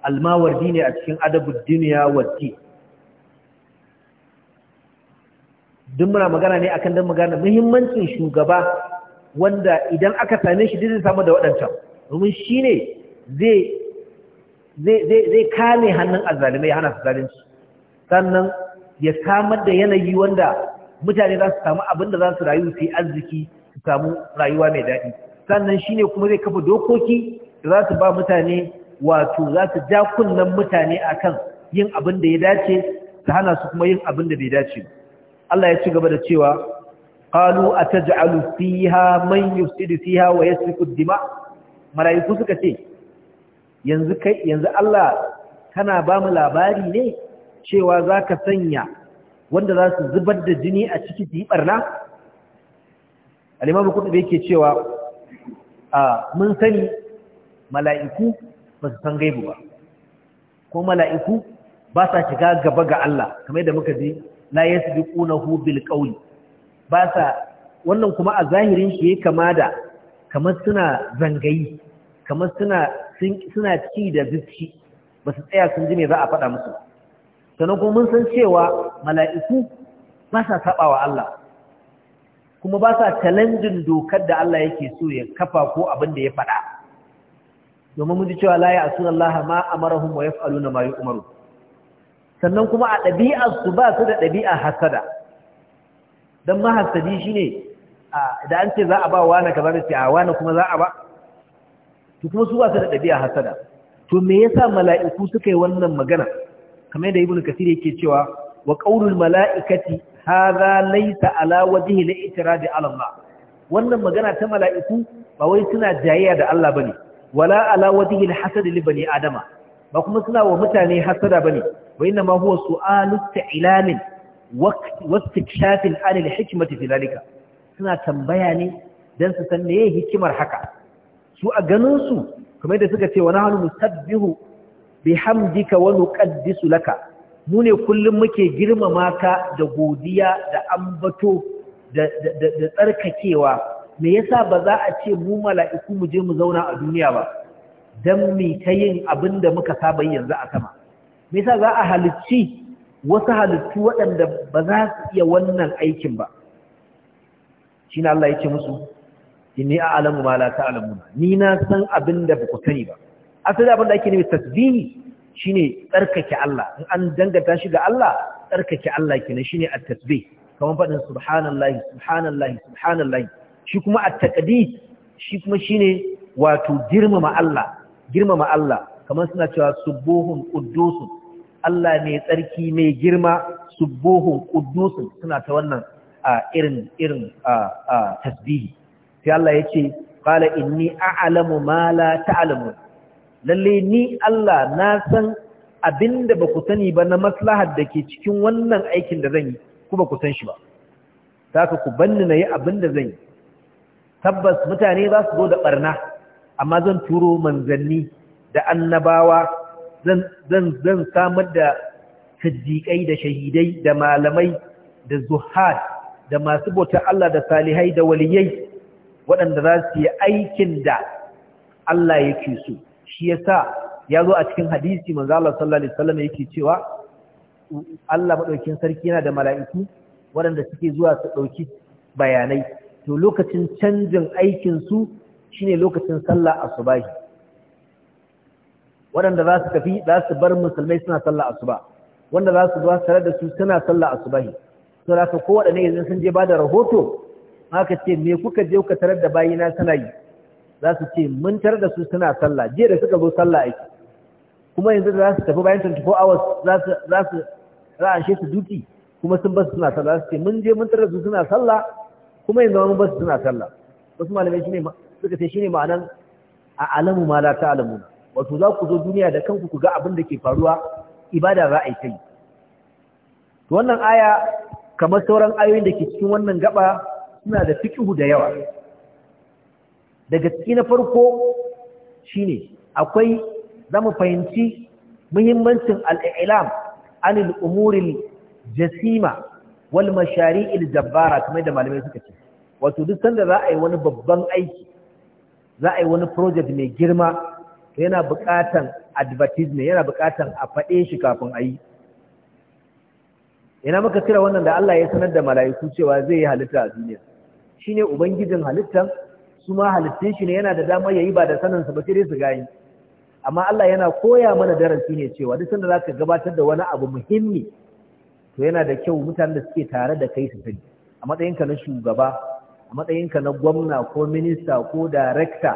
almawardi ne a cikin adabud duniya waddi duk muna magana ne akan dan magana muhimmancin shugaba wanda idan aka same shi zai samu da waɗancan domin shi ne zai kame hannun azalimai ya hana su zalunci sannan ya samar da yanayi wanda mutane za su samu abin da za su rayu su yi arziki su samu rayuwa mai daɗi sannan shi ne kuma zai kafa dokoki da za su ba mutane wato za su ja kunnen mutane akan yin abin da ya dace su hana su kuma yin abin da bai dace Allah ya ci gaba da cewa qalu ataj'alu fiha man yufsidu fiha wa yasfiku ad-dima malaiku suka ce yanzu kai yanzu Allah kana ba mu labari ne cewa za ka sanya wanda za su zubar da jini a ciki su yi alimamu kudu yake cewa mun sani mala'iku ba su san gaibu ba ko mala'iku ba sa shiga gaba ga Allah kamar yadda muka ji la ya bi ƙunahu bil ƙauli ba sa wannan kuma a zahirin shi ya kama da kamar suna zangayi kamar suna suna ci da zuci ba su tsaya sun ji ne za a faɗa musu sannan kuma mun san cewa mala'iku ba sa saba wa Allah kuma ba sa challenging dokar da Allah yake so ya kafa ko abin da ya faɗa domin mun ji cewa la sunan "Laha ma amarahum wa yaf'aluna ma yu'maru sannan kuma a ɗabi'a su ba su da ɗabi'a hasada dan mahasadi shine da an ce za a ba wani kaza ne ce a wani kuma za a ba to kuma su ba su da ɗabi'a hasada to me yasa mala'iku suka yi wannan magana kamar yadda ibnu kasir yake cewa wa qaulul mala'ikati hadha laysa ala wajhi al-i'tirad ala Allah wannan magana ta mala'iku ba wai suna jayayya da Allah bane wala ala wajhi al-hasad li bani adama ba kuma suna wa mutane hasada bane wa inna ma huwa su'alu ta'ilamin wastikshafin alil hikmati fi zalika suna tambaya ne dan su san meye hikimar haka su a ganinsu kamar da suka ce wani hannu musabbihu bihamdika wa nuqaddisu laka mu ne kullum muke girmama ka da godiya da ambato da da tsarkakewa me yasa ba za a ce mu mala'iku mu je mu zauna a duniya ba dan mi ta yin abin muka saba yanzu a sama me yasa za a halicci wasu halittu waɗanda ba za su iya wannan aikin ba shi Allah ya ce musu inni a'lamu ma la ta'lamun ni na san abin da ba ku sani ba asali abin da ake nemi tasbihi shine tsarkake Allah in an danganta shi ga Allah tsarkake Allah kenan shine at-tasbih kamar fadin subhanallahi subhanallahi subhanallahi shi kuma at-taqdis shi kuma shine wato girmama Allah girmama Allah kamar suna cewa subuhun quddusun Allah mai tsarki mai girma subuhun quddusun suna ta wannan irin irin tasbihi sai Allah ya ce qala inni a'lamu ma la ta'lamu lalle ni Allah na san abinda ba ku sani ba na maslahar da ke cikin wannan aikin da zan yi ku ba ku san shi ba saka ku banni na yi abinda zan yi tabbas mutane za su zo da barna amma zan turo manzanni da annabawa zan zan samar da siddiƙai da shahidai da malamai da zuhad da masu bauta Allah da salihai da waliyai waɗanda za su yi aikin da Allah yake so shi ya sa ya zo a cikin hadisi manzo Allah sallallahu alaihi wasallam yake cewa Allah madaukin sarki yana da mala'iku waɗanda suke zuwa su ɗauki bayanai to lokacin canjin aikin su shine lokacin sallah asubahi waɗanda za su tafi za su bar musulmai suna sallah asuba wanda za su zuwa tare da su suna sallah asubahi to da ko waɗanne yanzu sun je ba da rahoto aka ce me kuka je kuka tarar da bayina suna yi za su ce mun tarar da su suna sallah je da suka zo sallah aiki kuma yanzu za su tafi bayan 24 hours za su za su ra'ashe su duti kuma sun basu suna sallah za su ce mun je mun tarar da su suna sallah kuma yanzu mun su suna sallah wasu malamai shine suka ce shine ma'anan a alamu ma la ta'lamu wato za ku zo duniya da kanku ku ga abin da ke faruwa ibada za a yi kai wannan aya kamar sauran ayoyin da ke cikin wannan gaba suna da fikihu da yawa daga ciki na farko shine akwai zama fahimci muhimmancin alilam an anil jasima wal mashari'il jabbara kamar da malamai suka ce wato duk sanda za a yi wani babban aiki za a yi wani project mai girma yana buƙatan advertisement yana buƙatan a faɗe shi kafin a yi ina muka kira wannan da Allah ya sanar da mala'iku cewa zai yi halitta a duniya shine ubangijin halittan su ma halittun shi ne yana da damar yayi ba da sanin ba sai su gani amma Allah yana koya mana darasi ne cewa duk sanda za ka gabatar da wani abu muhimmi to yana da kyau mutanen da suke tare da kai su sani a matsayinka na shugaba a matsayinka na gwamna ko minista ko darekta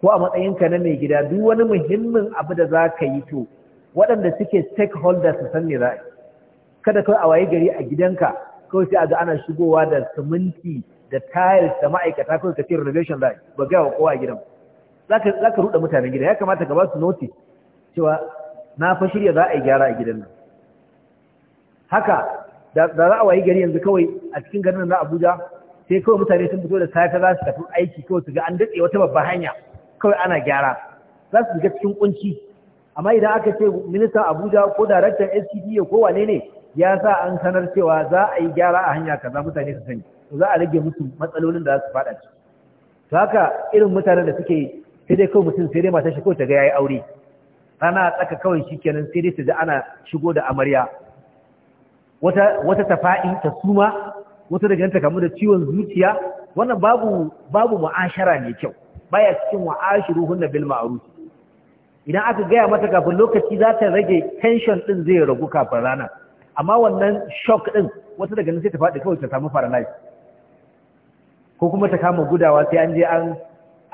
ko a matsayinka na mai gida duk wani muhimmin abu da za ka yi to waɗanda suke stakeholders su san ni za kada kawai a waye gari a gidanka kawai sai a ga ana shigowa da siminti da tiles da ma'aikata kawai ka ce renovation da ba ga wa kowa a gidan za ka ruɗa mutanen gidan. ya kamata ka ba su notice. cewa na fa shirya za a yi gyara a gidan nan haka da za a wayi gari yanzu kawai a cikin garin na abuja sai kawai mutane sun fito da safe za su tafi aiki kawai su ga an datse wata babbar hanya kawai ana gyara za su ga cikin kunci amma idan aka ce ministan abuja ko daraktan SCD ko wane ne ya sa an sanar cewa za a yi gyara a hanya kaza mutane su sani to za a rage musu matsalolin da za su fada ciki to haka irin mutanen da suke sai dai kawai mutum sai dai matar kawai ta ga yayi aure rana tsaka kawai nan sai dai ta ji ana shigo da amarya wata wata tafa'i ta suma wata daga ta kamu da ciwon zuciya wannan babu babu mu'ashara ne kyau baya cikin hunna bil ma'ruf idan aka gaya mata kafin lokaci za ta rage tension din zai ragu kafin rana amma wannan shock din wata daga nan sai ta faɗi kawai ta samu paralysis ko kuma ta kama gudawa sai an je an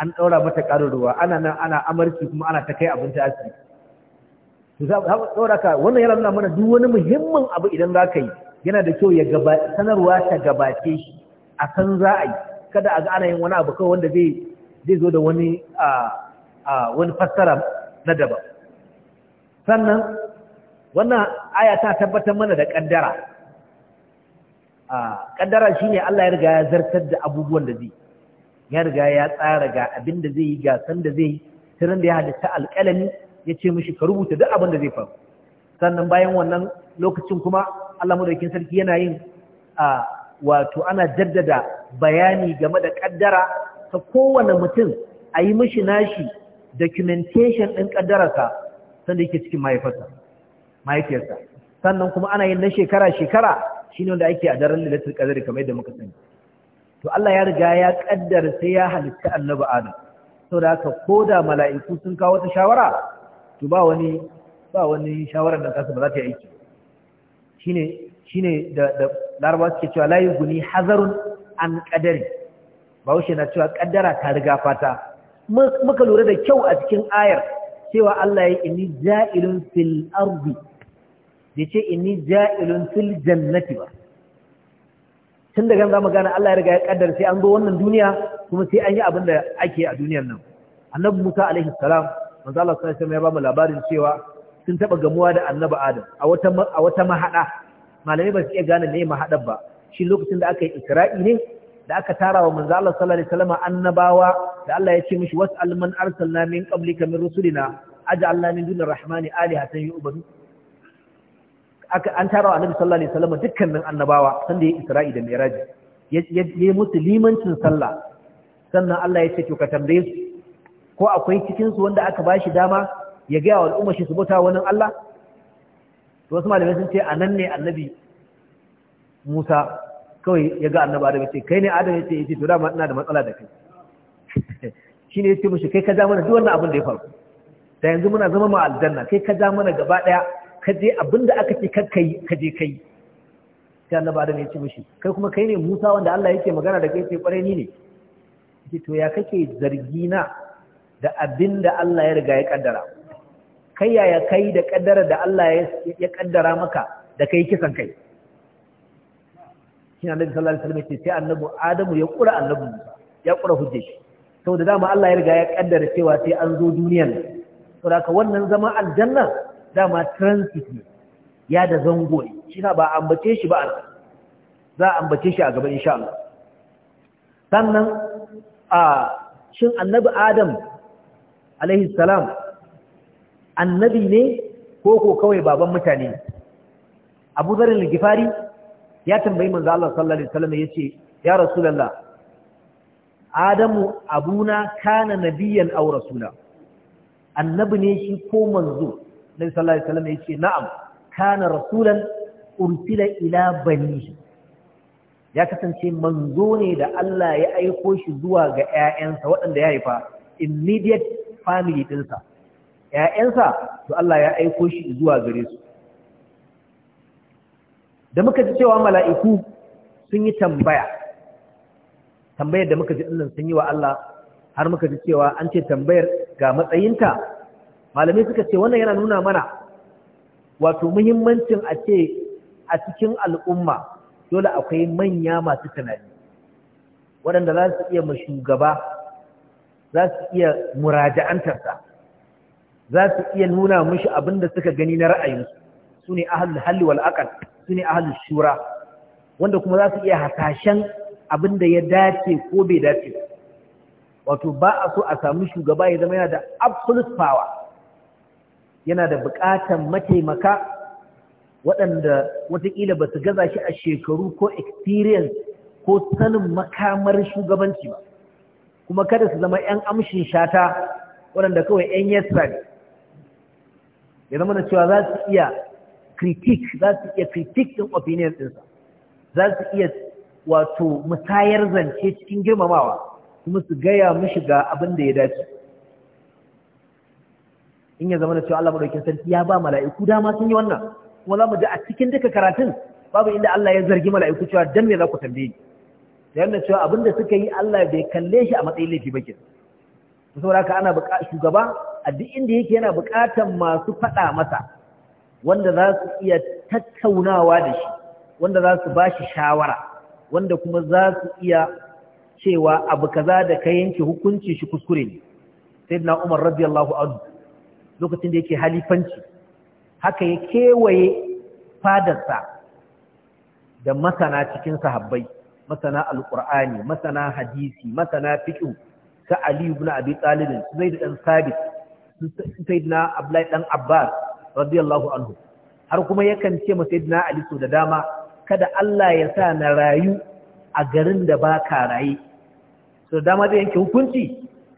an ɗaura mata karin ruwa ana nan ana amarci kuma ana ta kai abinci asibiti to za ka daura ka wannan yana nuna mana duk wani muhimmin abu idan za ka yi yana da kyau ya gaba sanarwa ta gabace shi a san za a yi kada a ga ana yin wani abu kawai wanda zai zai zo da wani a wani fassara na daban sannan wannan aya ta tabbatar mana da ƙaddara Ƙaddara shi ne Allah ya riga ya zartar da abubuwan da zai ya riga ya tsara ga abin da zai yi ga san da zai yi tirin da ya halitta alƙalami ya ce mishi ka rubuta duk abin da zai faru sannan bayan wannan lokacin kuma Allah madaukakin sarki yana yin wato ana jaddada bayani game da ƙaddara ta kowane mutum a yi mishi nashi documentation ɗin kaddararsa sanda yake cikin mahaifarsa mahaifiyarsa sannan kuma ana yin na shekara-shekara shine wanda ake a daren lailatul qadr kamar yadda muka sani to Allah ya riga ya kaddar sai ya halitta annabi Adam saboda haka ko da mala'iku sun kawo wata shawara to ba wani ba wani shawarar da kasu ba za ta yi aiki shine shine da da laraba suke cewa la guni hazarun an qadari bahaushe na cewa kaddara ta riga fata muka lura da kyau a cikin ayar cewa Allah ya yi inni ja'ilun fil ardi bai ce inni ja'ilun fil jannati ba tun daga za mu gane Allah ya riga ya kaddara sai an zo wannan duniya kuma sai an yi abin da ake a duniyar nan annabi Musa alaihi salam manzo Allah sallallahu ya ba mu labarin cewa sun taba gamuwa da annabi Adam a wata a wata mahada ba su iya gane me mahadar ba shi lokacin da aka yi Isra'i ne da aka tara wa manzo Allah sallallahu alaihi wasallam annabawa da Allah ya ce mishi was'al man arsalna min qablika min rusulina aj'alna min dunir rahmani alihatan yu'budu aka an tara annabi sallallahu alaihi wasallam dukkanin annabawa sanda ya isra'i da mi'raj ya yi musu limancin sallah sannan Allah ya ce to ka tambaye su ko akwai cikin su wanda aka bashi dama ya ga wa al'umma shi su bauta wannan Allah to wasu malamai sun ce anan ne annabi Musa kawai ya ga annabi da ya ce kai ne Adam ya ce yace to dama ina da matsala da kai <laughs> shine yace mushi kai ka ja mana duk wannan abin da ya faru da yanzu muna zama ma aljanna kai ka ja mana gaba daya ka je abinda aka ce ka ka je kai sai ba adam ya ce mishi kai kuma kai ne Musa wanda Allah yake magana da kai sai kwarai ni ne yace to ya kake zargi na da abinda Allah ya riga ya kaddara kai yaya kai da kaddara da Allah ya kaddara maka da kai kisan kai shine annabi sallallahu alaihi wasallam ce sai annabi Adamu ya kura annabi ya kura hujje shi saboda dama Allah ya riga ya kaddara cewa sai an zo duniyar saboda wannan zama aljanna dama transit ne ya da zango ne shi na ba ambace shi ba a za a ambace shi a gaba insha Allah sannan a shin annabi adam alaihi salam annabi ne ko ko kawai baban mutane Abu Dharr al ya tambayi manzo Allah sallallahu alaihi wasallam yace ya rasulullah Adamu abuna kana nabiyan aw rasula annabi ne shi ko manzo Nabi sallallahu alaihi wasallam yace na'am kana rasulan ursila ila bani ya kasance manzo ne da Allah ya aiko shi zuwa ga ƴaƴansa waɗanda ya haifa immediate family ɗinsa ƴaƴansa to Allah ya aiko shi zuwa gare su da muka ji cewa mala'iku sun yi tambaya tambayar da muka ji dinnan sun yi wa Allah har muka ji cewa an ce tambayar ga matsayinta malamai suka ce wannan yana nuna mana wato muhimmancin a ce a cikin al'umma dole akwai manya masu tunani waɗanda za su iya mashugaba za su iya muraja'antarsa za su iya nuna abin da suka gani na ra'ayinsu su ne ahalul halli wal su ne ahalul shura wanda kuma za su iya hasashen abin da ya dace ko bai dace wato ba a so a samu shugaba ya zama yana da absolute power yana da buƙatar mataimaka waɗanda watakila ba su gaza shi a shekaru ko experience ko sanin makamar shugabanci ba kuma kada su zama 'yan amshin shata waɗanda kawai 'yan yasa ne ya zama da cewa za su iya critique za su iya critique ɗin opinion ɗinsa za su iya wato musayar zance cikin girmamawa kuma su gaya mishi ga abin da ya dace in ya zama na cewa Allah madaukakin sarki ya ba mala'iku dama sun yi wannan kuma za mu ji a cikin duka karatun babu inda Allah ya zargi mala'iku cewa dan me za ku tambaye ni da yanda cewa abinda suka yi Allah bai kalle shi a matsayin laifi ba kenan saboda haka ana shugaba a duk inda yake yana buƙatar masu faɗa masa wanda za su iya tattaunawa da shi wanda za su ba shi shawara wanda kuma za su iya cewa abu kaza da ka yanke hukunci shi kuskure ne sai na umar radiyallahu anhu lokacin da yake halifanci haka ya kewaye fadarsa da masana cikin sahabbai masana alqur'ani masana hadisi masana fiqh ka ali ibn abi talib zaid dan sabit sayyidina abdullahi dan abbas radiyallahu anhu har kuma yakan ce ma sayyidina ali so da dama kada Allah ya sa na rayu a garin da ba ka raye so da dama zai yanke hukunci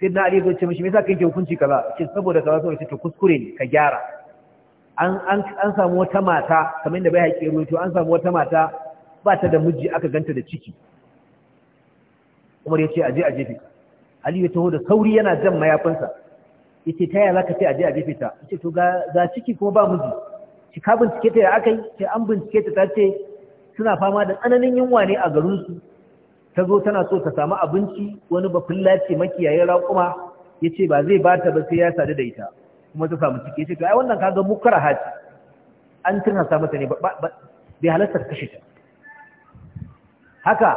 sai na ali ya ce mashi me yasa ke hukunci kaza ce saboda kaza saboda ta kuskure ne ka gyara an an an samu wata mata kamar da bai haƙi ruwaito an samu wata mata ba ta da miji aka ganta da ciki Umar ya ce aje a jefe Ali ya taho da sauri yana jan mayafinsa ce ta yaya zaka ce aje a jefe ta ce to ga za ciki kuma ba miji ki ka bincike ta ya yi sai an bincike ta ta ce suna fama da tsananin yunwa ne a garinsu. ta zo tana so ta samu abinci wani ba ce makiyayin raƙuma ya ce ba zai ba ta ba sai ya sadu da ita kuma ta samu ciki ce ai wannan kaga mukara haji an turhasa mata ne bai halarta ta kashe ta haka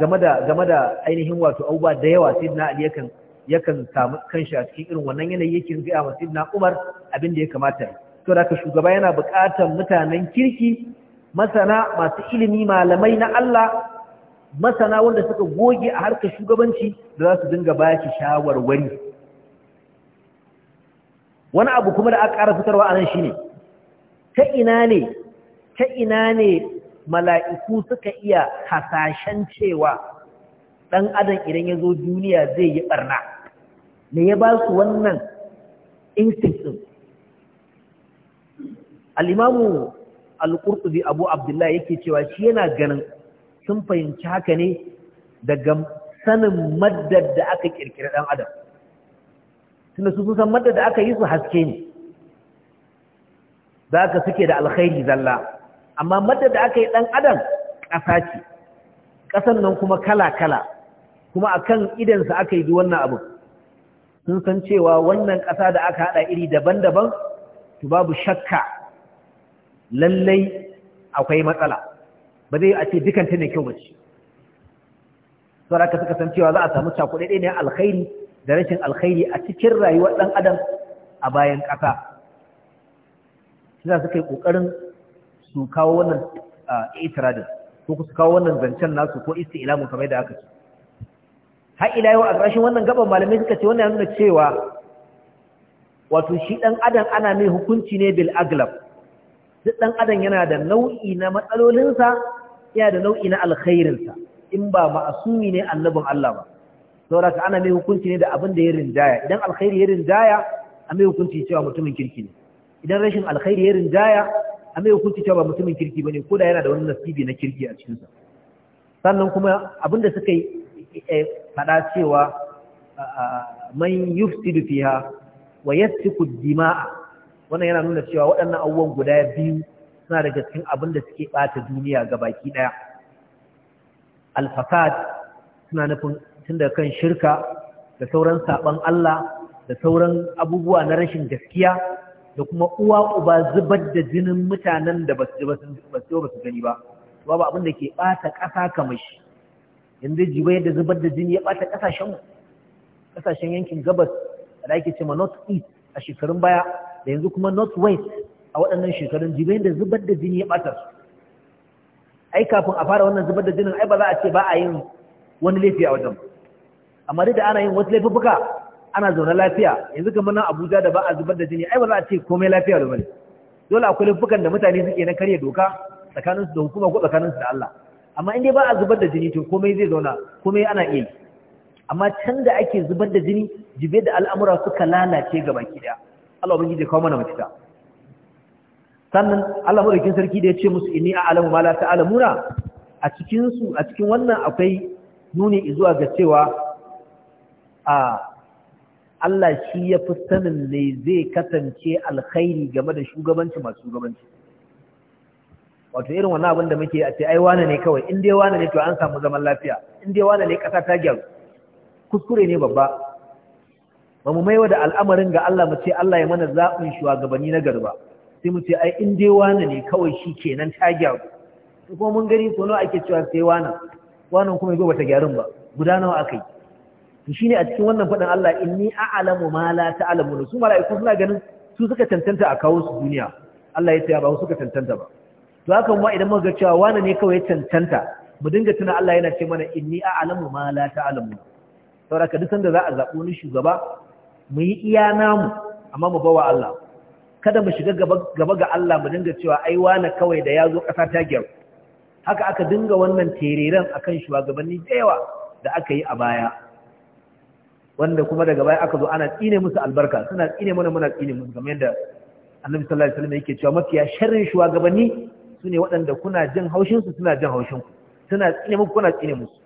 game da game da ainihin wato abubuwa da yawa sidna ali yakan yakan samu kanshi a cikin irin wannan yanayi yake ga ma sidna umar abin da ya kamata to da shugaba yana buƙatar mutanen kirki masana masu ilimi malamai na Allah masana wanda suka goge a harkar shugabanci da za su dinga ba shi shawarwari wani abu kuma da aka ƙara fitarwa a nan shi ne ta ina ne ta ina ne mala'iku suka iya hasashen cewa ɗan adam idan ya zo duniya zai yi ɓarna me ya ba su wannan instinct ɗin al'imamu al-ƙurtubi abu abdullahi yake cewa shi yana ganin sun fahimci haka ne daga sanin maddar da aka kirkira ɗan adam tunda su sun san maddar da aka yi su haske ne za ka suke da alkhairi zalla amma maddar da aka yi ɗan adam ƙasa ce ƙasan nan kuma kala-kala kuma a kan idansa aka yi wannan abu sun san cewa wannan ƙasa da aka haɗa iri daban-daban to babu shakka lallai akwai matsala ba zai yi a ce dukanta mai kyau bace saboda ka suka san cewa za a samu cakuɗe ne alkhairi da rashin alkhairi a cikin rayuwar ɗan adam a bayan ƙasa Suna za su kai ƙoƙarin su kawo wannan itiradin ko su kawo wannan zancen nasu ko isti'ilamu kamar da aka ce har ila yau a ƙarshen wannan gaban malamai suka ce wannan nuna cewa wato shi ɗan adam ana mai hukunci ne bil aglab duk ɗan adam yana da nau'i na matsalolinsa ya da nau'i na alkhairinsa in ba ma'asumi ne annabin Allah ba sauraka ana mai hukunci ne da abin da ya rinjaya idan alkhairi ya rinjaya a mai hukunci cewa mutumin kirki ne idan rashin alkhairi ya rinjaya a mai hukunci cewa ba mutumin kirki ne ko da yana da wani nasibi na kirki a cikinsa sannan kuma abin da suka yi eh, faɗa cewa man yufsidu fiha wa yasfiku dima'a wannan yana nuna cewa waɗannan abubuwan guda biyu suna da gaskin abin da suke ɓata duniya ga baki ɗaya alfasad suna nufin tun da kan shirka da sauran saɓon Allah da sauran abubuwa na rashin gaskiya da kuma uwa uba zubar da jinin mutanen da ba su ba su gani ba babu abin da ke ɓata ƙasa kamar shi yanzu jibai yadda zubar da jini ya ɓata ƙasashen yankin gabas da ake ce ma north east a shekarun baya da yanzu kuma north west a waɗannan shekarun jibai da zubar da jini ya ɓata su ai kafin a fara wannan zubar da jinin ai ba za a ce ba a yin wani laifi a wajen amma duk da ana yin wasu laifuka ana zaune lafiya yanzu kamar nan abuja da ba a zubar da jini ai ba za a ce komai lafiya da bane dole akwai laifukan da mutane suke na karya doka tsakaninsu da hukuma ko tsakaninsu da allah amma in dai ba a zubar da jini to komai zai zauna komai ana iya yi amma can da ake zubar da jini jibe da al'amura suka lalace ga baki daya Allah ubangiji kawo mana mafita sannan Allah madaukin sarki da ya ce musu inni a'lamu ma la ta'lamuna a cikin su a cikin wannan akwai nuni zuwa ga cewa a Allah shi ya fi sanin ne zai kasance alkhairi game da shugabanci masu shugabanci wato irin wannan abin da muke a ce ai wane ne kawai in dai wane ne to an samu zaman lafiya in dai wane ne kasa ta gyaru kuskure ne babba ba mu maiwa da al'amarin ga Allah mu ce Allah ya mana zaɓin shugabanni na Garba. sai mu ce ai in dai wani ne kawai shi kenan ta gyaru to kuma mun gani so nawa ake cewa sai wani wani kuma yazo bata gyarun ba guda nawa akai to shine a cikin wannan fadan Allah inni a'lamu ma la ta'lamun su mala'iku suna ganin su suka tantanta a kawo su duniya Allah ya ce ba su suka tantanta ba to hakan kuma idan muka cewa wani ne kawai ya tantanta mu dinga tuna Allah yana ce mana inni a'lamu ma la alamu saboda ka duk sanda za a zaɓi wani shugaba mu yi iya namu amma mu bawa Allah kada mu shiga gaba ga Allah mu dinga cewa ai wani kawai da ya zo ƙasa ta gyaru haka aka dinga wannan tereren akan shugabanni da yawa da aka yi a baya wanda kuma daga baya aka zo ana tsine musu albarka suna tsine mana muna tsine musu kamar yadda annabi sallallahu alaihi wasallam yake cewa mafiya sharrin shugabanni sune waɗanda kuna jin haushin su suna jin haushin ku suna tsine muku kuna tsine musu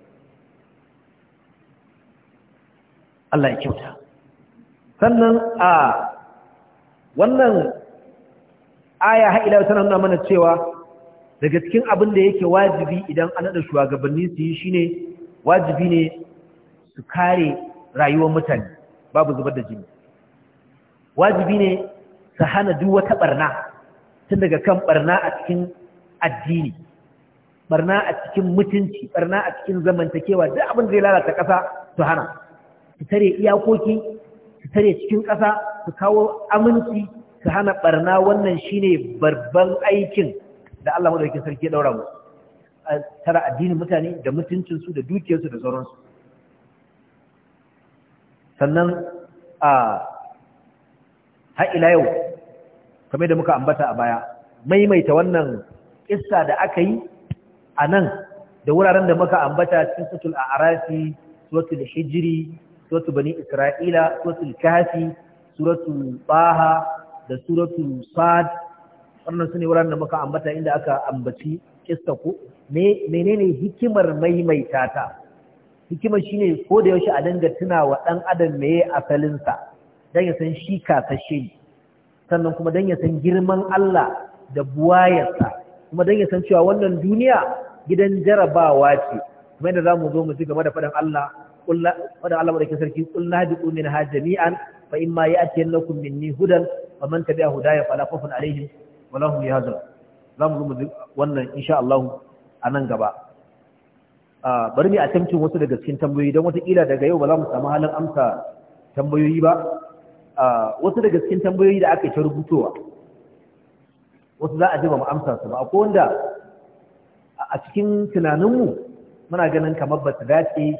Allah ya kyauta sannan a wannan aya ila tana nuna mana cewa daga cikin abin da yake wajibi idan an haɗa shugabanni su yi shine wajibi ne su kare rayuwar mutane babu zubar da jini wajibi ne su hana duk wata barna tun daga kan barna a cikin addini barna a cikin mutunci barna a cikin zamantakewa duk abin da ya lalata ƙasa su hana su tare iyakoki su tare cikin ƙasa su kawo aminci su hana barna wannan shine babban aikin da Allah madaukakin sarki ya daura mu tara addinin mutane da mutuncin su da dukiyar su da sauran su sannan a yau kamar da muka ambata a baya maimaita wannan kissa da aka yi a nan da wuraren da muka ambata cikin sutul a'rafi suratul hijri suratul bani isra'ila suratul kahfi suratu baha da suratu sad wannan su ne da muka ambata inda aka ambaci kista ko menene hikimar maimaita ta hikimar shine ko da yaushe a danga tuna wa dan adam meye asalinsa dan ya san shi kasashe sannan kuma dan ya san girman Allah da buwayarsa kuma dan ya san cewa wannan duniya gidan jarabawa ce kuma da zamu zo mu ji gaba da faɗin Allah kullu wanda Allah madaukakin sarki kullu hadu ha jami'an fa imma ya'tiyannakum minni hudan faman tabi'a hudaya fa fala khawfun alaihim wala hum za mu rubu wannan insha Allah a nan gaba bari mu atamcin wasu daga cikin tambayoyi don watakila daga yau ba za mu samu halin amsa tambayoyi ba wasu daga cikin tambayoyi da aka yi ta rubutowa wasu za a ji ba mu amsa su ba akwai wanda a cikin tunaninmu muna ganin kamar ba su dace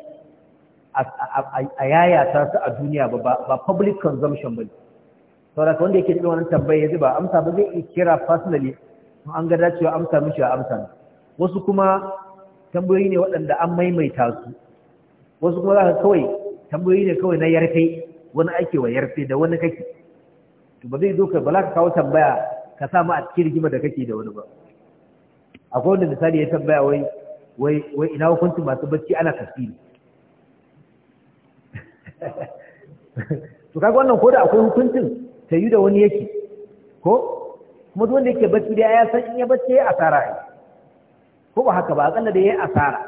a yayata su a duniya ba public consumption ba ne sauraka wanda yake cikin wannan tambayi ya ba amsa ba zai kira personally an ga dacewa amsa mishi a amsa wasu kuma tambayoyi ne waɗanda an maimaita su wasu kuma za kai kawai tambayoyi ne kawai na yarfe wani ake wa yarfe da wani kake to ba zai zo ka bala ka kawo tambaya ka sa mu a cikin rigima da kake da wani ba akwai wanda misali ya tambaya wai wai ina hukuncin masu bacci ana tafsiri to kaga wannan ko da akwai hukuncin ta yi da wani yake ko kuma duk wanda yake bacci dai ya san in ya bacci ya asara ne ko ba haka ba akalla da ya asara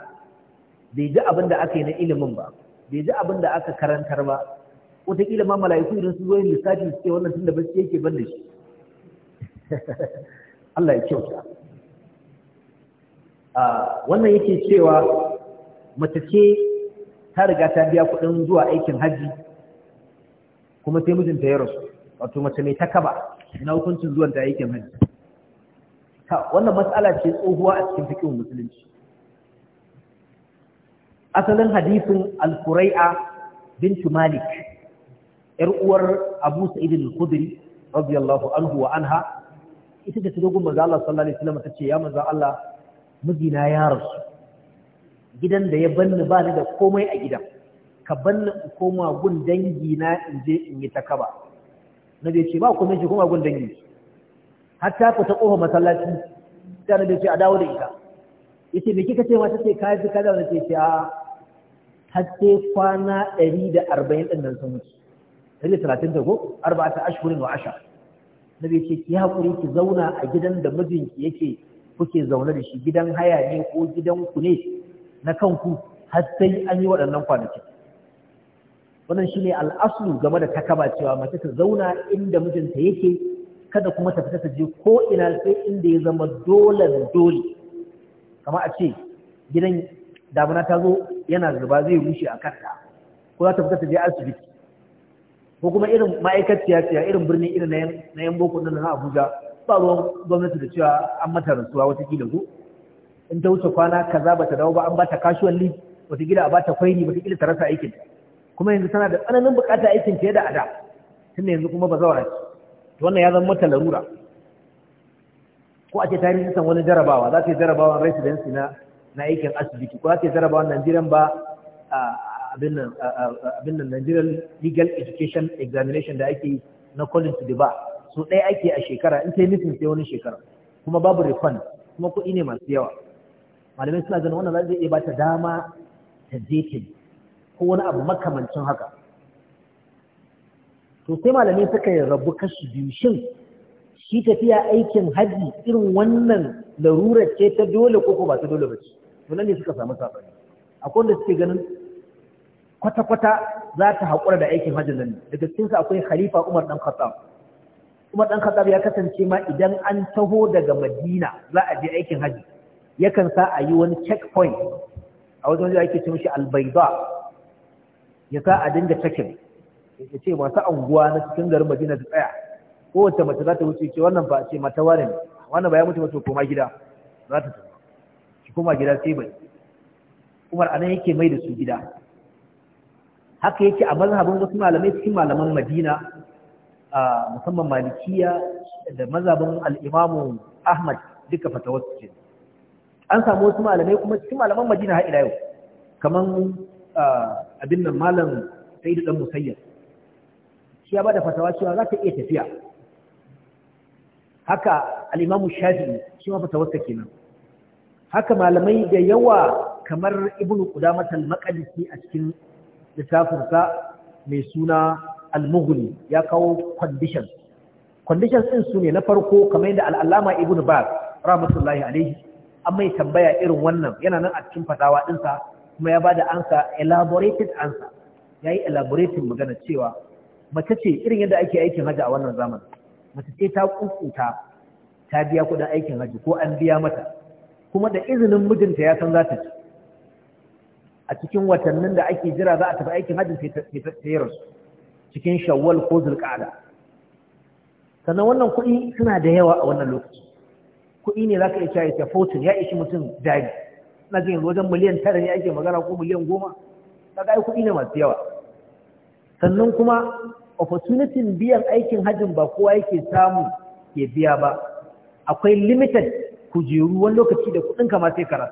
bai ji abin da aka yi na ilimin ba bai ji abin da aka karantar ba wataƙila ma mala'iku idan su zo yin lissafi su ce wannan tun da bacci yake ban da shi <laughs> Allah ya kyauta ah, wannan yake cewa mace ce ta riga ta biya kuɗin zuwa aikin hajji kuma sai mijinta ya rasu wato mace mai takaba na hukuncin zuwan ta aikin hajji wannan matsala ce tsohuwa a cikin fikin musulunci asalin hadisin al-qurai'a bintu malik yar uwar abu sa'id al-khudri radiyallahu anhu wa anha ita ce ta dogon manzo Allah sallallahu alaihi wasallam ta ce ya manzo Allah mijina ya rasu gidan da ya banni ba ni da komai a gidan ka banni in koma gun dangi na in je in yi ta kaba na bai ce ba ku shi koma gun dangi har ta fita kofa masallaci sai na bai ce a dawo da ita yace me kika ce ma tace ka ji kaza na ce a har sai kwana 140 din nan sun wuce sai 30 da go arba'ata ashhurin wa ashar Na ce ki hakuri ki zauna a gidan da mijinki yake kuke zaune da shi gidan haya ne ko gidan ku ne na kanku har sai an yi waɗannan kwanaki wannan shi ne al'aslu game da takaba cewa mace ta zauna inda mijinta yake kada kuma ta fita ta je ko ina sai inda ya zama dole dole Kama a ce gidan damuna ta zo yana zuba zai rushe a kanta ko za ta fita ta je asibiti ko kuma irin ma'aikaciya ce irin birnin irin na yan boko nan na Abuja ba ruwan gwamnati da cewa an mata rasuwa wata kila ko in ta wuce kwana kaza bata dawo ba an bata kasuwan li wata gida a bata kwaini wata gida ta rasa aikin kuma yanzu tana da tsananin bukata aikin fiye da ada tunda yanzu kuma ba zaura to wannan ya zama mata larura ko a ce ta yi wani jarabawa za ta yi jarabawan residency na na aikin asibiti ko za ta yi jarabawan Najeriyan ba abin nan Nigerian Legal Education Examination da ake yi na college to the bar so ɗaya ake a shekara in ta yi nufin sai wani shekara kuma babu refund kuma kuɗi ne masu yawa malamai suna ganin wannan zai iya bata dama ta je ta ko wani abu makamancin haka to sai malamai suka yi rabu kashi biyu shin shi tafiya aikin haji irin wannan larurar ce ta dole ko ba ta dole ba ce to nan ne suka samu sabani akwai wanda suke ganin kwata-kwata za ta haƙura da aikin hajji nan daga cikinsa akwai khalifa umar ɗan khattab umar dan khattab ya kasance ma idan an taho daga madina za a je aikin hajji yakan sa a yi wani checkpoint a wajen da ake ce mishi albaiba ya sa a dinga checking ya ce masu anguwa na cikin garin madina su tsaya kowace mace za ta wuce ce wannan ba a ce mata ware ne wannan ba ya mutu mace koma gida za ta tafi ki koma gida sai bai umar anan yake mai da su gida haka yake a mazhabin wasu malamai cikin malaman madina musamman malikiya da mazhabin al'imamu ahmad duka su ce an samu wasu malamai kuma cikin malaman madina har ila yau Kamar abin nan malam da dan musayyar shi ya bada fatawa cewa za ta iya tafiya haka al Shafi shafi'i shi ma fatawarsa kenan haka malamai da yawa kamar ibnu qudamah al-maqdisi a cikin littafinsa mai suna al-mughni ya kawo conditions conditions din su ne na farko kamar yadda al'alama allama ibnu baz rahmatullahi alaihi an mai tambaya irin wannan yana nan a cikin fatawa ɗinsa kuma ya ba da ansa elaborated ansa ya yi elaborating magana cewa mace ce irin yadda ake aikin haji a wannan zamani mace ce ta kukuta ta biya kuɗin aikin haji, ko an biya mata kuma da izinin mijinta ya san za ta ci a cikin watannin da ake jira za a tafi aikin hajji sai ta su cikin shawwal ko zulƙada sannan wannan kuɗi suna da yawa a wannan lokaci kuɗi ne za ka iya cewa ya fortune ya ishi mutum jari na jin wajen miliyan tara ne ake magana ko miliyan goma kaga ai kuɗi ne masu yawa sannan kuma opportunity biyan aikin hajjin ba kowa yake samu ke biya ba akwai limited kujeru wani lokaci da kuɗin kama sai karas.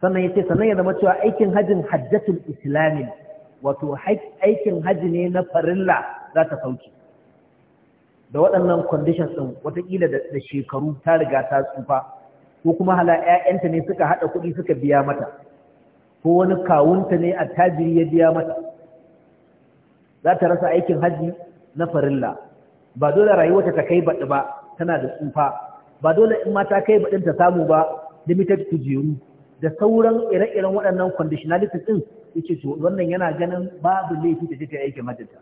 sannan ya ce sannan ya zama cewa aikin hajjin hajjatul islami wato aikin hajji ne na farilla za ta sauke da waɗannan conditions ɗin watakila da shekaru ta riga ta tsufa ko kuma hala 'ya'yanta ne suka haɗa kuɗi suka biya mata ko wani kawunta ne a tajiri ya biya mata za ta rasa aikin hajji na farilla ba dole rayuwarta ta kai baɗi ba tana da tsufa ba dole in ma ta kai baɗin ta samu ba limited kujeru da sauran ire-iren waɗannan conditionalities ɗin ya to wannan yana ganin babu laifi da je ta aikin hajjinta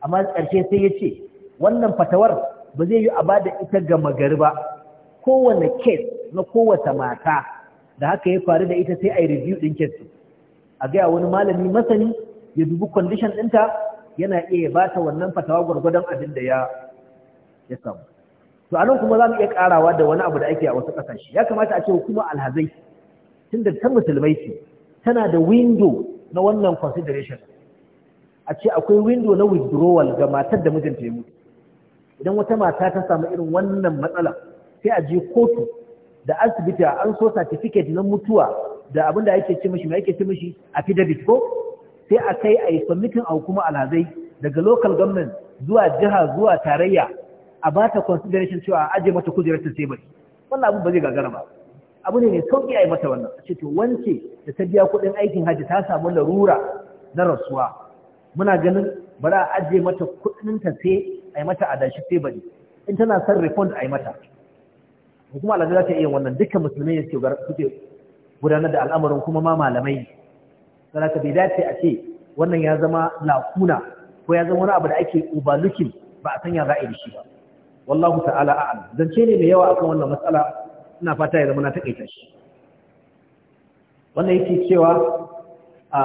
amma ƙarshe sai ya ce wannan fatawar ba zai yi a ba da ita ga magari ba kowane kes na kowace mata da haka ya faru da ita sai a yi review ɗin kes a gaya wani malami masani ya dubi condition ɗinta yana iya ya bata wannan fatawa gwargwadon abin da ya ya samu to anan kuma za mu iya ƙarawa da wani abu da ake a wasu ƙasashe ya kamata a ce kuma alhazai tun tunda ta musulmai ce tana da window na wannan consideration a ce akwai window na withdrawal ga matar da mijinta ya mutu idan wata mata ta samu irin wannan matsala sai a je kotu da asibiti a an so certificate na mutuwa da abin da ake ce mishi mai ake ce mishi da ko sai a kai a yi submitin a hukuma alhazai daga local government zuwa jiha zuwa tarayya a ba ta consideration cewa a aje mata kujerar ta sai bari wannan abin ba zai gagara ba abu ne mai sauki a yi mata wannan a ce to wance da ta biya kuɗin aikin hajji ta samu larura na rasuwa muna ganin bari a aje mata kuɗin ta sai a yi mata adashi sai bari in tana san refund a yi mata kuma alhaji za ta iya wannan dukkan musulmai ne suke gudanar da al'amarin kuma ma malamai sana ta bai dace a ce wannan ya zama lakuna ko ya zama wani abu da ake overlooking ba a sanya ra'ayi da shi ba wallahu ta'ala a'lam zance ne mai yawa akan wannan matsala ina fata ya zama na takaita shi wannan yake cewa a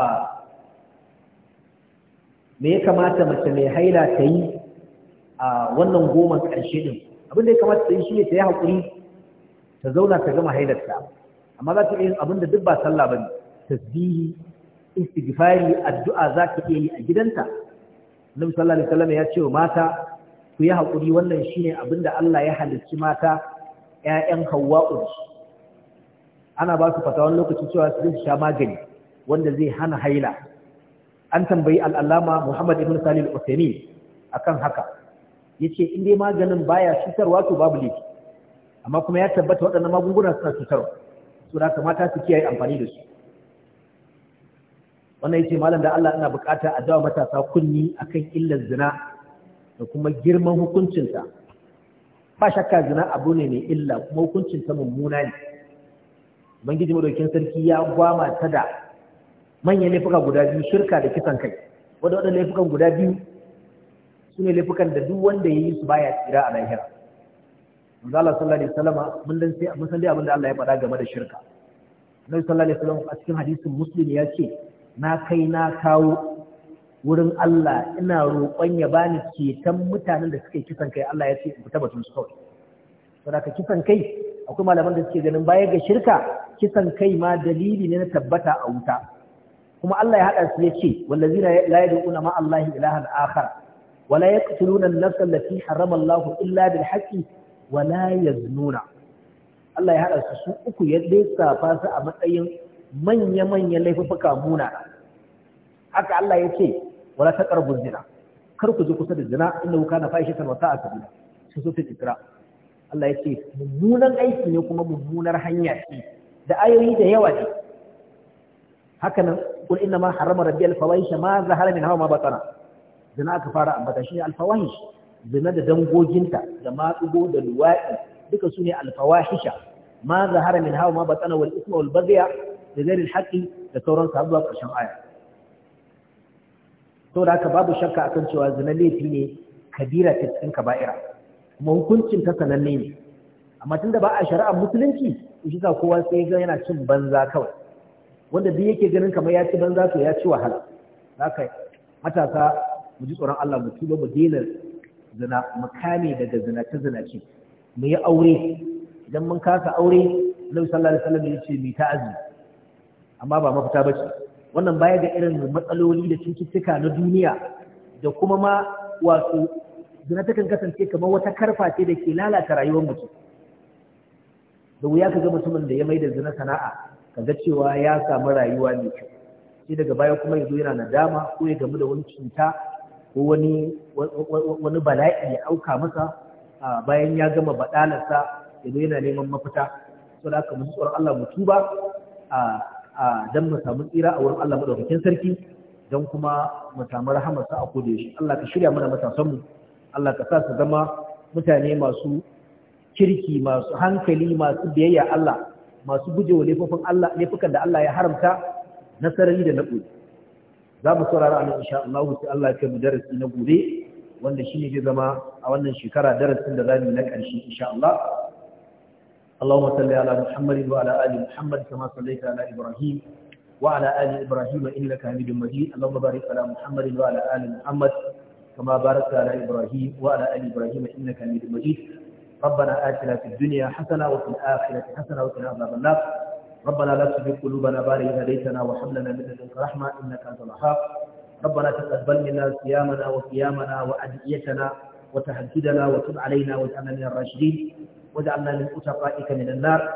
me ya kamata mace mai haila ta yi a wannan goma ƙarshe din abin da ya kamata ta yi shi ne ta yi haƙuri ta zauna ta gama haidarta amma za ta iya yin abin da duk ba sallah ba ne tasbihi istighfari addu'a za ka iya yi a gidanta Annabi sallallahu alaihi wasallam ya ce wa mata ku yi haƙuri wannan shine abin da Allah ya halicci mata ƴaƴan Hawwa'u ana ba su fata wani lokaci cewa su sha magani wanda zai hana haila an tambayi al'allama Muhammad ibn salil al akan haka Ya ce in dai maganin baya cutarwa to babu laifi amma kuma ya tabbata waɗannan magunguna suna cutarwa su da kamata su kiyaye amfani da su wannan yace malam da Allah ina bukata a dawo matasa kunni akan illar zina da kuma girman hukuncinta ba shakka zina abu ne mai illa kuma hukuncinta mummuna ne ubangiji madaukin sarki ya gwama ta da manyan laifuka guda biyu shirka da kisan kai wadda waɗanda laifukan guda biyu su ne laifukan da duk wanda ya yi su baya tsira a lahira manzo Allah sallallahu alaihi wasallam mun dan sai san dai abin Allah ya faɗa game da shirka Nabi sallallahu alaihi wasallam a cikin hadisin Muslim ya ce na kai na kawo wurin Allah ina roƙon ya bani ceton mutanen da suke kisan kai Allah ya ce in fita batun su kawai saboda kisan kai akwai malaman da suke ganin baya ga shirka kisan kai ma dalili ne na tabbata a wuta kuma Allah ya haɗa su ya ce wallazina la yad'una ma Allah ilahan akhar wala yaqtuluna an-nafsa allati harrama Allah illa bil haqqi wala nuna. Allah ya hada su uku ya lissafa su a matsayin manya-manyan laifuka muna haka Allah ya ce wala taqrabu zina kar kusa da zina innahu kana fahishatan wa sa'a sabila su su fitira Allah ya ce mummunan aiki ne kuma mummunar hanya ce da ayoyi da yawa ne haka nan kul inna ma harrama rabbi al fawahisha ma zahara min hawa ma batana zina aka fara ambata ne alfawahish zina da dangoginta da matsugo da luwaɗi duka su ne alfawahisha ma haramin min hawa ma batsana wal isma wal bagya da gairin haƙi da sauran sabuwa ƙarshen aya to da haka babu shakka akan cewa zina laifi ne kabira ta cikin kaba'ira kuma hukuncin ta sananne ne amma tunda ba a shari'ar musulunci shi sa kowa sai ga yana cin banza kawai wanda duk yake ganin kamar ya ci banza to ya ci wahala haka matasa mu ji tsoron Allah mu tuba mu daina zina mu daga zina ta zina ce mu yi aure idan mun kasa aure Nabi sallallahu alaihi wasallam ya ce ta azumi amma ba mafita bace wannan baya ga irin matsaloli da cututtuka na duniya da kuma ma wato zina ta kan kasance kamar wata karfa ce da ke lalata rayuwar mutum da wuya ka ga mutumin da ya mai da zina sana'a Ka ga cewa ya samu rayuwa mai kyau sai daga baya kuma ya yana nadama ko ya gamu da wani cuta ko wani wani bala'i ya auka masa bayan ya gama badalarsa yanzu yana neman mafita saboda haka mu tsoron Allah mu tuba a dan mu samu tsira a wurin Allah madaukakin sarki dan kuma mu samu sa a koda shi Allah ka shirya mana matasan mu Allah ka sa su zama mutane masu kirki masu hankali masu biyayya Allah masu gujewa laifukan Allah laifukan da Allah ya haramta nasarari da na za mu saurara a insha Allah sai Allah ya kai mu darasi na gobe wanda shine zai zama a wannan shekara darasin da zamu na karshe insha Allah Allahumma salli ala muhammad wa ala ali Muhammad kama sallaita ala Ibrahim wa ala ali Ibrahim innaka Hamidum Majid Allahumma barik ala Muhammadin wa ala ali Muhammad kama barakta ala Ibrahim wa ala ali Ibrahim innaka Hamidum Majid ربنا آتنا في الدنيا حسنة وفي الآخرة حسنة وقنا عذاب النار ربنا لا تزغ قلوبنا بعد إذ هديتنا وهب لنا من لدنك رحمة إنك أنت الوهاب ربنا تقبل منا صيامنا وقيامنا وأدعيتنا وتهجدنا وتب علينا واجعلنا من الراشدين واجعلنا من أتقائك من النار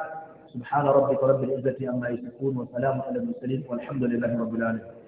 سبحان ربك رب العزة عما يصفون وسلام على المرسلين والحمد لله رب العالمين